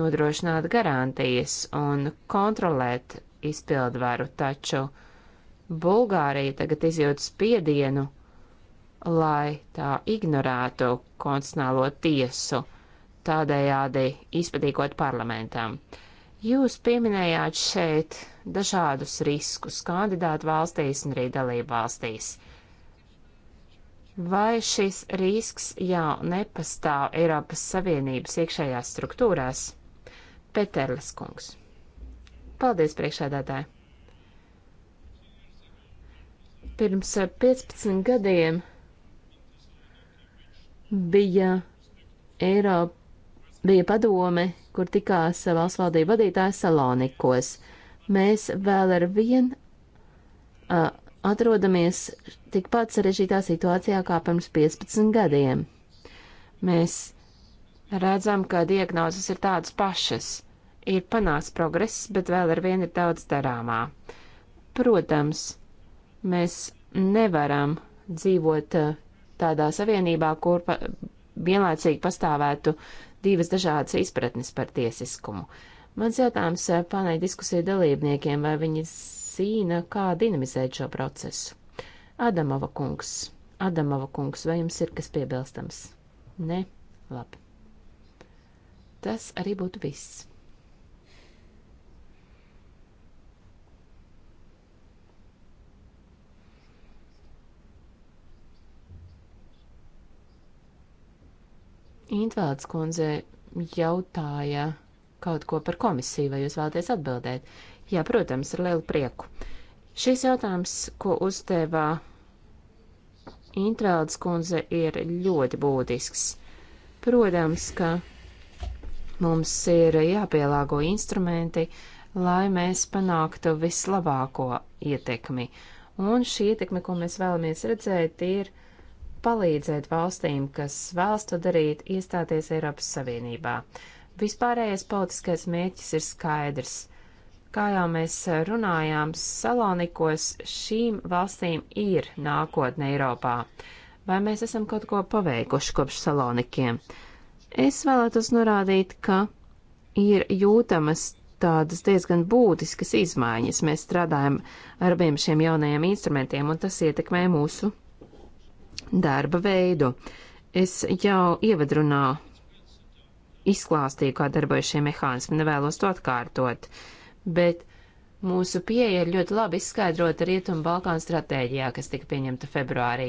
nodrošināt garantijas un kontrolēt izpildvaru, taču Bulgārija tagad izjūt spiedienu, lai tā ignorētu konstitucionālo tiesu tādējādi izpadīkot parlamentam. Jūs pieminējāt šeit dažādus riskus kandidātu valstīs un arī dalību valstīs. Vai šis risks jau nepastāv Eiropas Savienības iekšējās struktūrās? Peterles kungs. Paldies, priekšēdētāji! Pirms 15 gadiem bija Eiropa bija padome, kur tikās valsts valdība vadītājs Salonikos. Mēs vēl ar vien uh, atrodamies tikpat sarežģītā situācijā kā pirms 15 gadiem. Mēs redzam, ka diagnozes ir tādas pašas. Ir panāks progress, bet vēl ar vien ir daudz darāmā. Protams, mēs nevaram dzīvot tādā savienībā, kur pa, vienlaicīgi pastāvētu divas dažādas izpratnes par tiesiskumu. Mans jautājums eh, panai diskusiju dalībniekiem, vai viņi zina, kā dinamizēt šo procesu. Adamova kungs. Adamova kungs, vai jums ir kas piebilstams? Nē, labi. Tas arī būtu viss. Intvēlts kundze jautāja kaut ko par komisiju, vai jūs vēlaties atbildēt? Jā, protams, ar lielu prieku. Šis jautājums, ko uzdevā Intvēlts kundze, ir ļoti būtisks. Protams, ka mums ir jāpielāgo instrumenti, lai mēs panāktu vislabāko ietekmi. Un šī ietekme, ko mēs vēlamies redzēt, ir palīdzēt valstīm, kas vēlas to darīt, iestāties Eiropas Savienībā. Vispārējais politiskais mērķis ir skaidrs. Kā jau mēs runājām, Salonikos šīm valstīm ir nākotne Eiropā. Vai mēs esam kaut ko paveikuši kopš Salonikiem? Es vēlētos norādīt, ka ir jūtamas tādas diezgan būtiskas izmaiņas. Mēs strādājam ar abiem šiem jaunajiem instrumentiem, un tas ietekmē mūsu darba veidu. Es jau ievadrunā izklāstīju, kā darbojas šie mehānismi, nevēlos to atkārtot, bet mūsu pieeja ir ļoti labi izskaidrota Rietumu Balkānu stratēģijā, kas tika pieņemta februārī.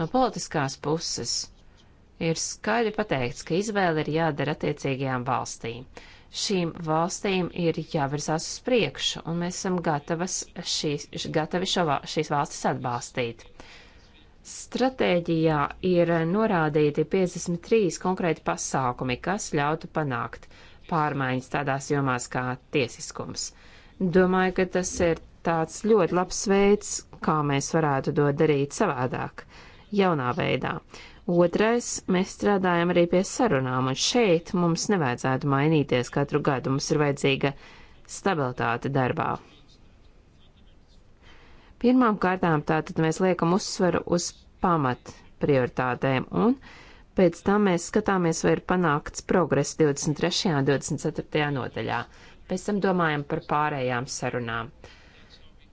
No politiskās puses ir skaidri pateikts, ka izvēle ir jādara attiecīgajām valstīm. Šīm valstīm ir jāvirzās uz priekšu, un mēs esam gatavas šīs, gatavi šo, šīs valstis atbalstīt. Uh, Stratēģijā ir norādīti 53 konkrēti pasākumi, kas ļautu panākt pārmaiņas tādās jomās kā tiesiskums. Domāju, ka tas ir tāds ļoti labs veids, kā mēs varētu to darīt savādāk, jaunā veidā. Otrais, mēs strādājam arī pie sarunām, un šeit mums nevajadzētu mainīties katru gadu, mums ir vajadzīga stabilitāte darbā. Pirmām kārtām tātad mēs liekam uzsveru uz pamat prioritātēm un pēc tam mēs skatāmies, vai ir panākts progress 23. un 24. nodaļā. Pēc tam domājam par pārējām sarunām.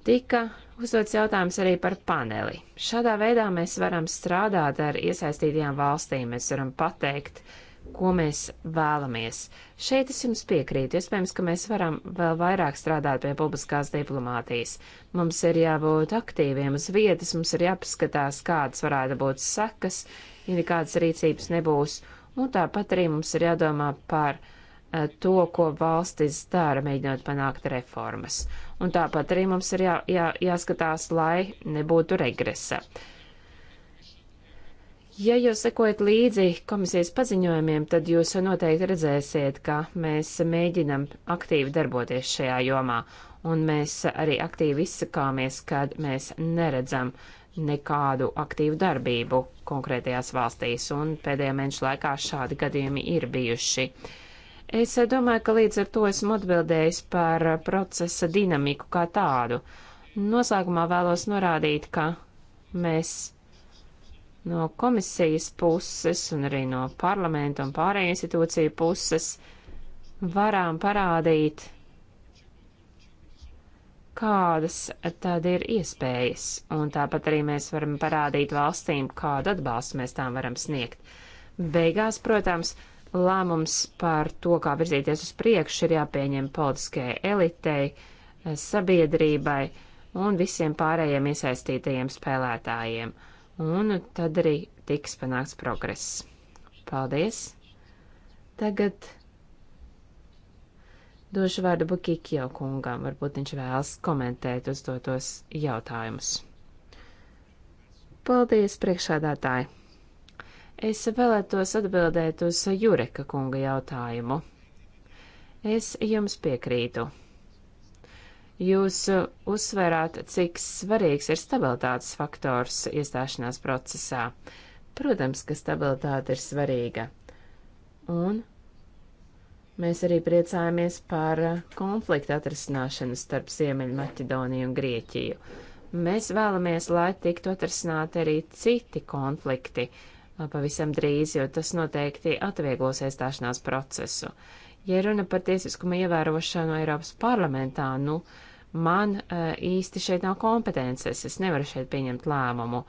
Tika uzdots jautājums arī par paneli. Šādā veidā mēs varam strādāt ar iesaistītajām valstīm. Mēs varam pateikt, uh, ko mēs vēlamies. Šeit es jums piekrītu. Iespējams, ka mēs varam vēl vairāk strādāt pie publiskās diplomātijas. Mums ir jābūt aktīviem uz vietas, mums ir jāpaskatās, kādas varētu būt sekas, ja nekādas rīcības nebūs. Un tāpat arī mums ir jādomā par uh, to, ko valstis dara, mēģinot panākt reformas. Un tāpat arī mums ir jā, jā, jāskatās, lai nebūtu regresa. Uh, Ja jūs sekojat līdzi komisijas paziņojumiem, tad jūs noteikti redzēsiet, ka mēs mēģinam aktīvi darboties šajā jomā, un mēs arī aktīvi izsakāmies, kad mēs neredzam nekādu aktīvu darbību konkrētajās valstīs, un pēdējā mēneša laikā šādi gadījumi ir bijuši. Es domāju, ka līdz ar to esmu atbildējis par procesa dinamiku kā tādu. Noslēgumā vēlos norādīt, ka mēs no komisijas puses un arī no parlamenta un pārējā institūcija puses varam parādīt, kādas tad ir iespējas, un tāpat arī mēs varam parādīt valstīm, kādu atbalstu mēs tām varam sniegt. Beigās, protams, lēmums par to, kā virzīties uz priekšu, ir jāpieņem politiskajai elitei, sabiedrībai un visiem pārējiem iesaistītajiem spēlētājiem un tad arī tiks panāks progress. Paldies! Tagad došu vārdu Bukikio kungam, varbūt viņš vēlas komentēt uzdotos jautājumus. Paldies, priekšādātāji! Es vēlētos atbildēt uz Jureka kunga jautājumu. Es jums piekrītu. Jūs uh, uzsverāt, cik svarīgs ir stabilitātes faktors iestāšanās procesā. Protams, ka stabilitāte ir svarīga. Un mēs arī priecājamies par uh, konflikta atrisināšanu starp Ziemeļu Maķedoniju un Grieķiju. Mēs vēlamies, lai tiktu atrisināti arī citi konflikti uh, pavisam drīz, jo tas noteikti atvieglos iestāšanās procesu. Uh, Ja runa par tiesiskuma ievērošanu Eiropas parlamentā, nu, man eh, īsti šeit nav kompetences, es nevaru šeit pieņemt lēmumu.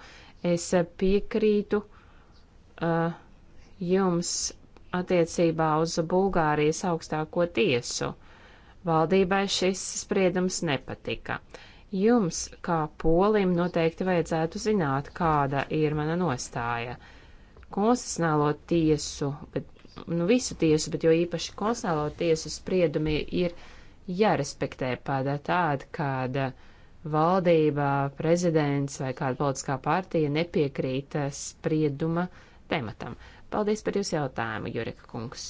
Es eh, piekrītu uh, jums attiecībā uz Bulgārijas augstāko tiesu. Valdībai šis spriedums nepatika. Jums, kā polim, noteikti vajadzētu zināt, kāda ir mana nostāja. Konstitucionālo tiesu, bet nu, visu tiesu, bet jo īpaši konstitucionālo tiesu spriedumi ir jārespektē pēdā tāda, kāda valdība, prezidents vai kāda politiskā partija nepiekrīt sprieduma tematam. Paldies par jūsu jautājumu, Jurika kungs.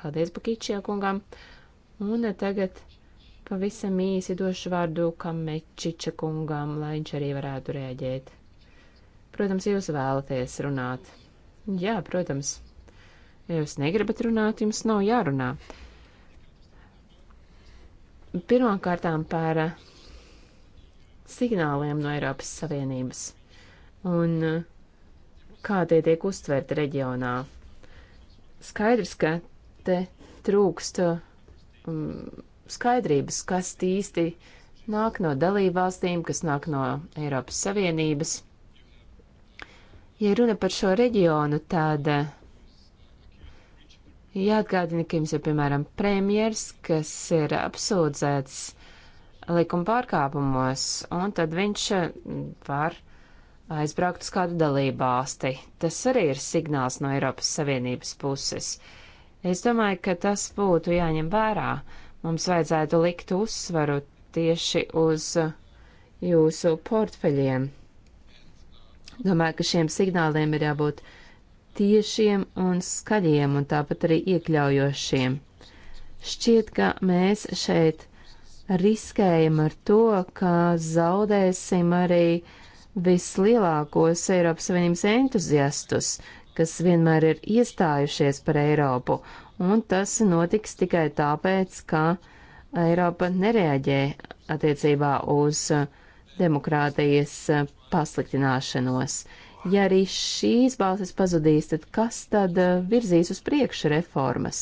Paldies Bukīčie kungam. Un tagad pavisam īsi došu vārdu Kamečiča kungam, lai viņš arī varētu rēģēt. Protams, jūs vēlaties runāt. Jā, protams. Ja jūs negribat runāt, jums nav jārunā. Pirmkārtām par eh, signāliem no Eiropas Savienības un eh, kā tie tiek uztverti reģionā. Skaidrs, ka te trūkst eh, mm, skaidrības, kas īsti nāk no dalībvalstīm, kas nāk no Eiropas Savienības. Ja runa par šo reģionu, tad Jāatgādina, ka jums ir, piemēram, premjers, kas ir apsūdzēts likuma pārkāpumos, un tad viņš eh, var aizbraukt uz kādu dalību valsti. Tas arī ir signāls no Eiropas Savienības puses. Es domāju, ka tas būtu jāņem vērā. Mums vajadzētu likt uzsvaru tieši uz jūsu portfeļiem. Domāju, ka šiem signāliem ir jābūt tiešiem un skaļiem, un tāpat arī iekļaujošiem. Šķiet, ka mēs šeit riskējam ar to, ka zaudēsim arī vislielākos Eiropas Savienības entuziastus, kas vienmēr ir iestājušies par Eiropu, un tas notiks tikai tāpēc, ka Eiropa nereaģē attiecībā uz demokrātijas pasliktināšanos. Ja arī šīs balsis pazudīs, tad kas tad eh, virzīs uz priekšu reformas?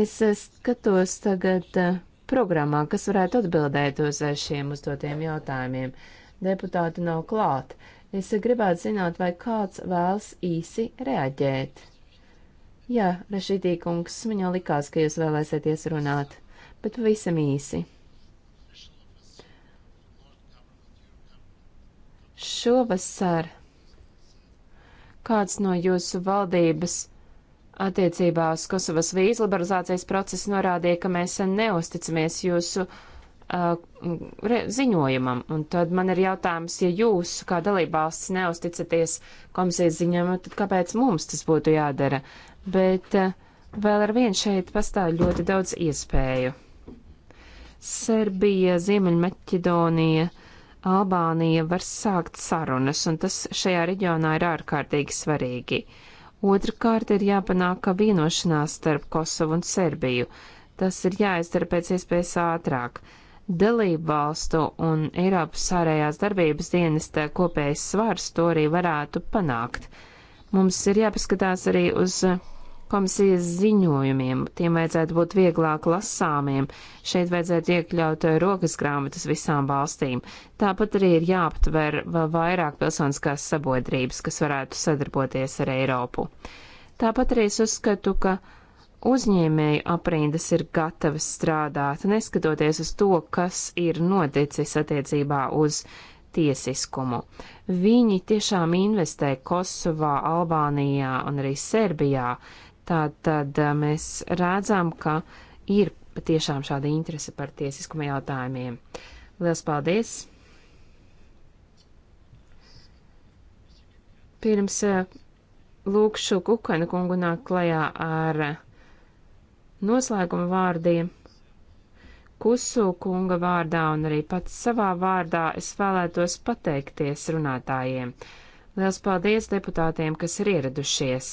Es eh, skatos tagad eh, programmā, kas varētu atbildēt uz šiem uzdotiem jautājumiem. Deputāti nav klāt. Es gribētu zināt, vai kāds vēlas īsi reaģēt. Jā, Rašītī kungs, man jau likās, ka jūs vēlēsieties runāt, bet pavisam īsi. Šovasar kāds no jūsu valdības attiecībā uz Kosovas vīzu liberalizācijas procesu norādīja, ka mēs neusticamies jūsu uh, re, ziņojumam. Un tad man ir jautājums, ja jūs kā dalībvalsts neusticaties komisijas ziņojumam, tad kāpēc mums tas būtu jādara? Bet uh, vēl ar vienu šeit pastāv ļoti daudz iespēju. Serbija, Ziemeļmaķedonija Albānija var sākt sarunas, un tas šajā reģionā ir ārkārtīgi svarīgi. Otrakārt ir jāpanāk vienošanās starp Kosovu un Serbiju. Tas ir jāizdara pēc iespējas ātrāk. Dalību valstu un Eiropas ārējās darbības dienesta kopējais svars to arī varētu panākt. Mums ir jāpaskatās arī uz komisijas ziņojumiem. Tiem vajadzētu būt vieglāk lasāmiem. Šeit vajadzētu iekļaut rokas grāmatas visām valstīm. Tāpat arī ir jāaptver vēl vairāk pilsoniskās sabiedrības, kas varētu sadarboties ar Eiropu. Tāpat arī es uzskatu, ka uzņēmēju aprindas ir gatavas strādāt, neskatoties uz to, kas ir noticis attiecībā uz tiesiskumu. Viņi tiešām investē Kosovā, Albānijā un arī Serbijā. Tātad eh, mēs redzam, ka ir patiešām šāda interese par tiesiskuma jautājumiem. Lielas paldies! Pirms eh, lūkšu Kukana kungu nāk klajā ar eh, noslēguma vārdiem. Kusu kunga vārdā un arī pats savā vārdā es vēlētos pateikties runātājiem. Liels paldies deputātiem, kas ir ieradušies!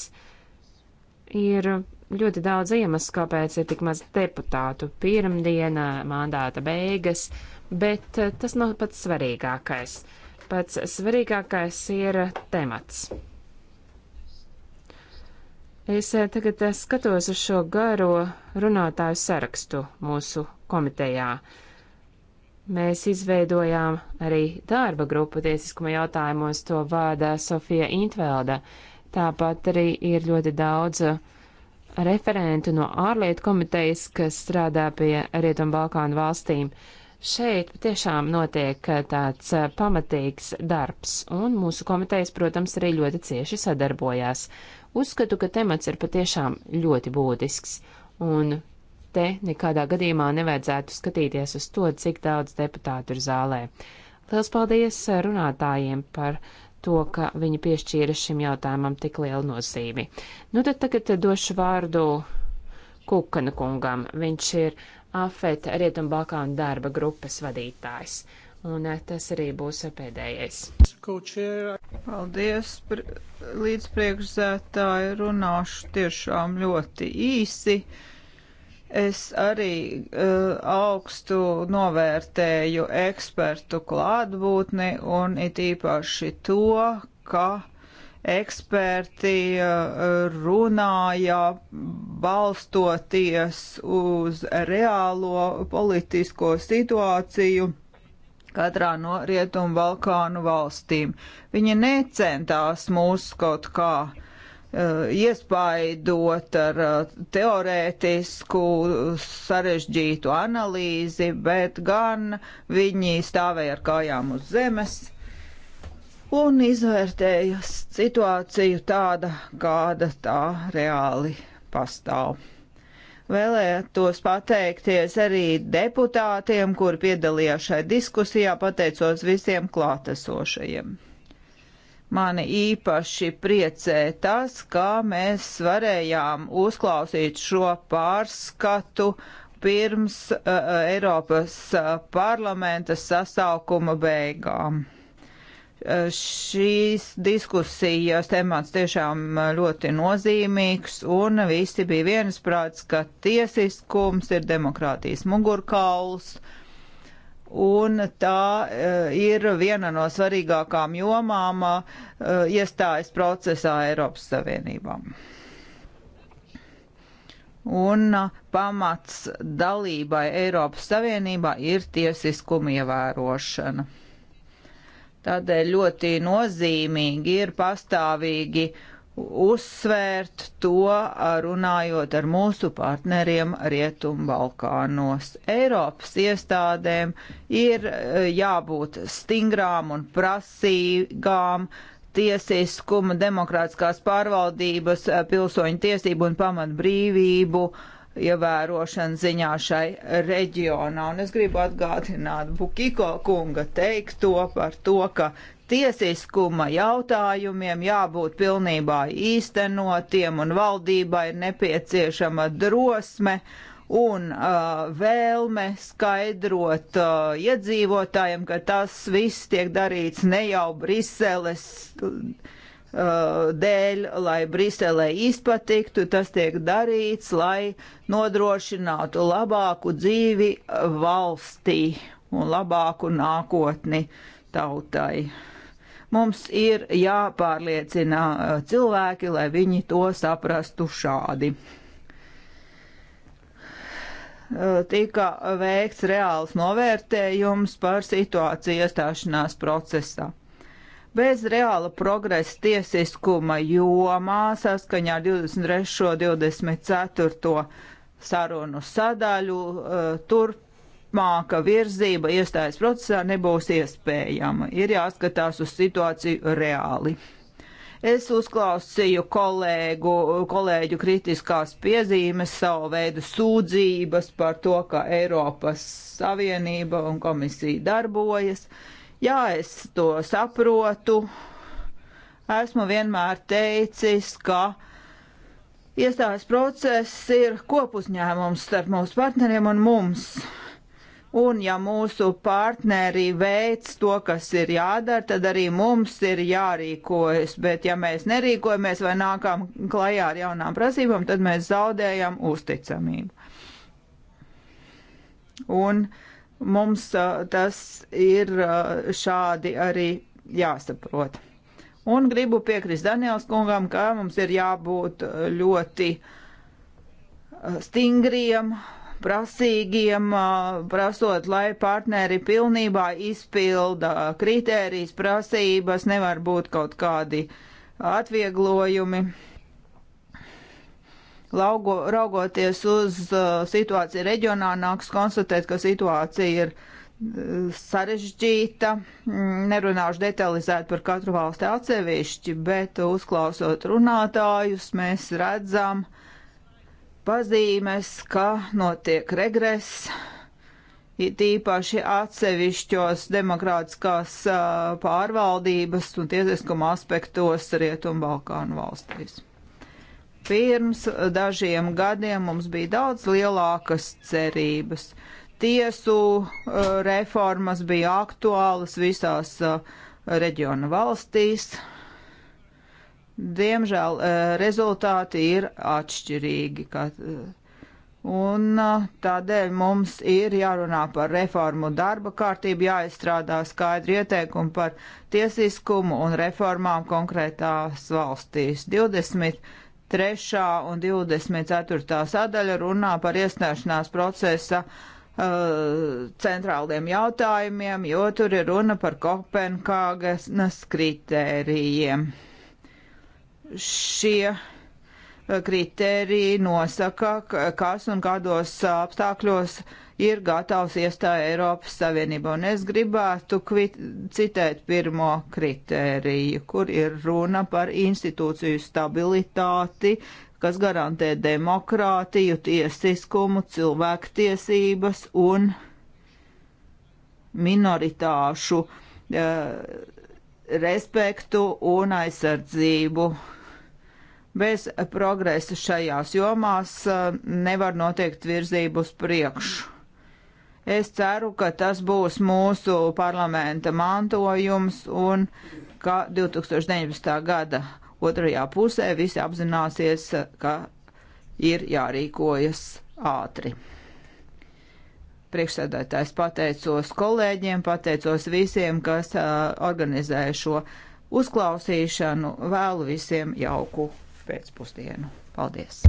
Ir ļoti daudz iemeslu, kāpēc ir tik maz deputātu. Pirmdiena, mandāta beigas, bet eh, tas nav pats svarīgākais. Pats svarīgākais ir temats. Es eh, tagad eh, skatos uz šo garo runātāju sarakstu mūsu komitejā. Mēs izveidojām arī darba grupu tiesiskuma jautājumos, to vada Sofija Intvelda. Uh, Tāpat arī ir ļoti daudz uh, referentu no ārlietu komitejas, kas strādā pie Rietumbalkānu valstīm. Šeit tiešām notiek uh, tāds uh, pamatīgs darbs, un mūsu komitejas, protams, arī ļoti cieši sadarbojās. Uzskatu, ka temats ir patiešām ļoti būtisks, un te nekādā gadījumā nevajadzētu skatīties uz to, cik daudz deputātu ir zālē. Liels paldies runātājiem par to, ka viņi piešķīra šim jautājumam tik lielu nozīmi. Nu tad tagad došu vārdu Kukana kungam. Viņš ir AFET Rietumbalkānu darba grupas vadītājs. Un eh, tas arī būs pēdējais. Paldies, pr līdz priekšzētāji runāšu tiešām ļoti īsi. Uh, Es arī uh, augstu novērtēju ekspertu klātbūtni un it īpaši to, ka eksperti uh, runāja balstoties uz reālo politisko situāciju katrā no Rietumu Balkānu valstīm. Viņi necentās mūs kaut kā uh, Eh, iespaidot ar eh, teorētisku sarežģītu analīzi, bet gan viņi stāvēja ar kājām uz zemes un izvērtēja situāciju tāda, kāda tā reāli pastāv. Vēlētos pateikties arī deputātiem, kuri piedalījās šai diskusijā, pateicos visiem klātesošajiem. Mani īpaši priecē tas, kā mēs varējām uzklausīt šo pārskatu pirms uh, uh, Eiropas uh, parlamenta sasaukuma beigām. Uh, šīs diskusijas temats tiešām uh, ļoti nozīmīgs, un visi bija viensprāts, ka tiesiskums ir demokrātijas mugurkauls. Uh, un tā eh, ir viena no svarīgākām jomām eh, iestājas procesā Eiropas Savienībā. Un eh, pamats dalībai Eiropas Savienībā ir tiesiskuma ievērošana. Tādēļ ļoti nozīmīgi ir pastāvīgi uh, uzsvērt to, runājot ar mūsu partneriem Rietumbalkānos. Eiropas iestādēm ir jābūt stingrām un prasīgām tiesiskuma, demokrātiskās pārvaldības, pilsoņu tiesību un pamatbrīvību ievērošana ziņā šai reģionā. Un es gribu atgādināt Bukiko kunga teikto par to, ka tiesiskuma jautājumiem jābūt pilnībā īstenotiem un valdībai ir nepieciešama drosme un uh, vēlme skaidrot uh, iedzīvotājiem, ka tas viss tiek darīts ne jau Briseles uh, dēļ, lai Briselē izpatiktu, tas tiek darīts, lai nodrošinātu labāku dzīvi valstī un labāku nākotni tautai. Mums ir jāpārliecina uh, cilvēki, lai viņi to saprastu šādi. Uh, tika veikts reāls novērtējums par situāciju iestāšanās procesā bez reāla progresa tiesiskuma jomā saskaņā ar 23. un 24. sarunu sadaļu uh, turp turpmāka virzība iestājas procesā nebūs iespējama. Ir jāskatās uz situāciju reāli. Es uzklausīju kolēgu, kolēģu kritiskās piezīmes, savu veidu sūdzības par to, ka Eiropas Savienība un komisija darbojas. Jā, es to saprotu. Esmu vienmēr teicis, ka uh, Iestājas process ir kopuzņēmums starp mūsu partneriem un mums. Un ja mūsu partneri veic to, kas ir jādara, tad arī mums ir jārīkojas. Bet ja mēs nerīkojamies vai nākam klajā ar jaunām prasībām, tad mēs zaudējam uzticamību. Un mums tas ir šādi arī jāsaprot. Un gribu piekrist Daniels kungam, ka mums ir jābūt ļoti stingriem prasīgiem, prasot, lai partneri pilnībā izpilda kritērijas prasības, nevar būt kaut kādi atvieglojumi. Laugo, raugoties uz situāciju reģionā, nāks konstatēt, ka situācija ir sarežģīta. Nerunāšu detalizēt par katru valsti atsevišķi, bet uzklausot runātājus, mēs redzam, uh, pazīmes, ka notiek regress, it īpaši atsevišķos demokrātiskās pārvaldības un tiesiskuma aspektos Rietumbalkānu valstīs. Pirms dažiem gadiem mums bija daudz lielākas cerības. Tiesu reformas bija aktuālas visās reģiona valstīs, Diemžēl eh, rezultāti ir atšķirīgi. Kad, eh, Un eh, tādēļ mums ir jārunā par reformu darba kārtību, jāizstrādā skaidri ieteikumi par tiesiskumu un reformām konkrētās valstīs. 23. un 24. sadaļa runā par iestāšanās procesa uh, centrāliem jautājumiem, jo tur ir runa par Kopenhāgenes kritērijiem šie eh, kriteriji nosaka, kas un kādos apstākļos ir gatavs iestāja Eiropas Savienībā. Un es gribētu kvit, citēt pirmo kritēriju, kur ir runa par institūciju stabilitāti, kas garantē demokrātiju, tiesiskumu, cilvēktiesības un minoritāšu eh, respektu un aizsardzību Bez progresa šajās jomās uh, nevar noteikt virzību uz priekšu. Es ceru, ka tas būs mūsu parlamenta mantojums un ka 2019. gada otrajā pusē visi apzināsies, ka ir jārīkojas ātri priekšsēdētājs pateicos kolēģiem, pateicos visiem, kas uh, organizēja šo uzklausīšanu. Vēlu visiem jauku pēcpusdienu. Paldies!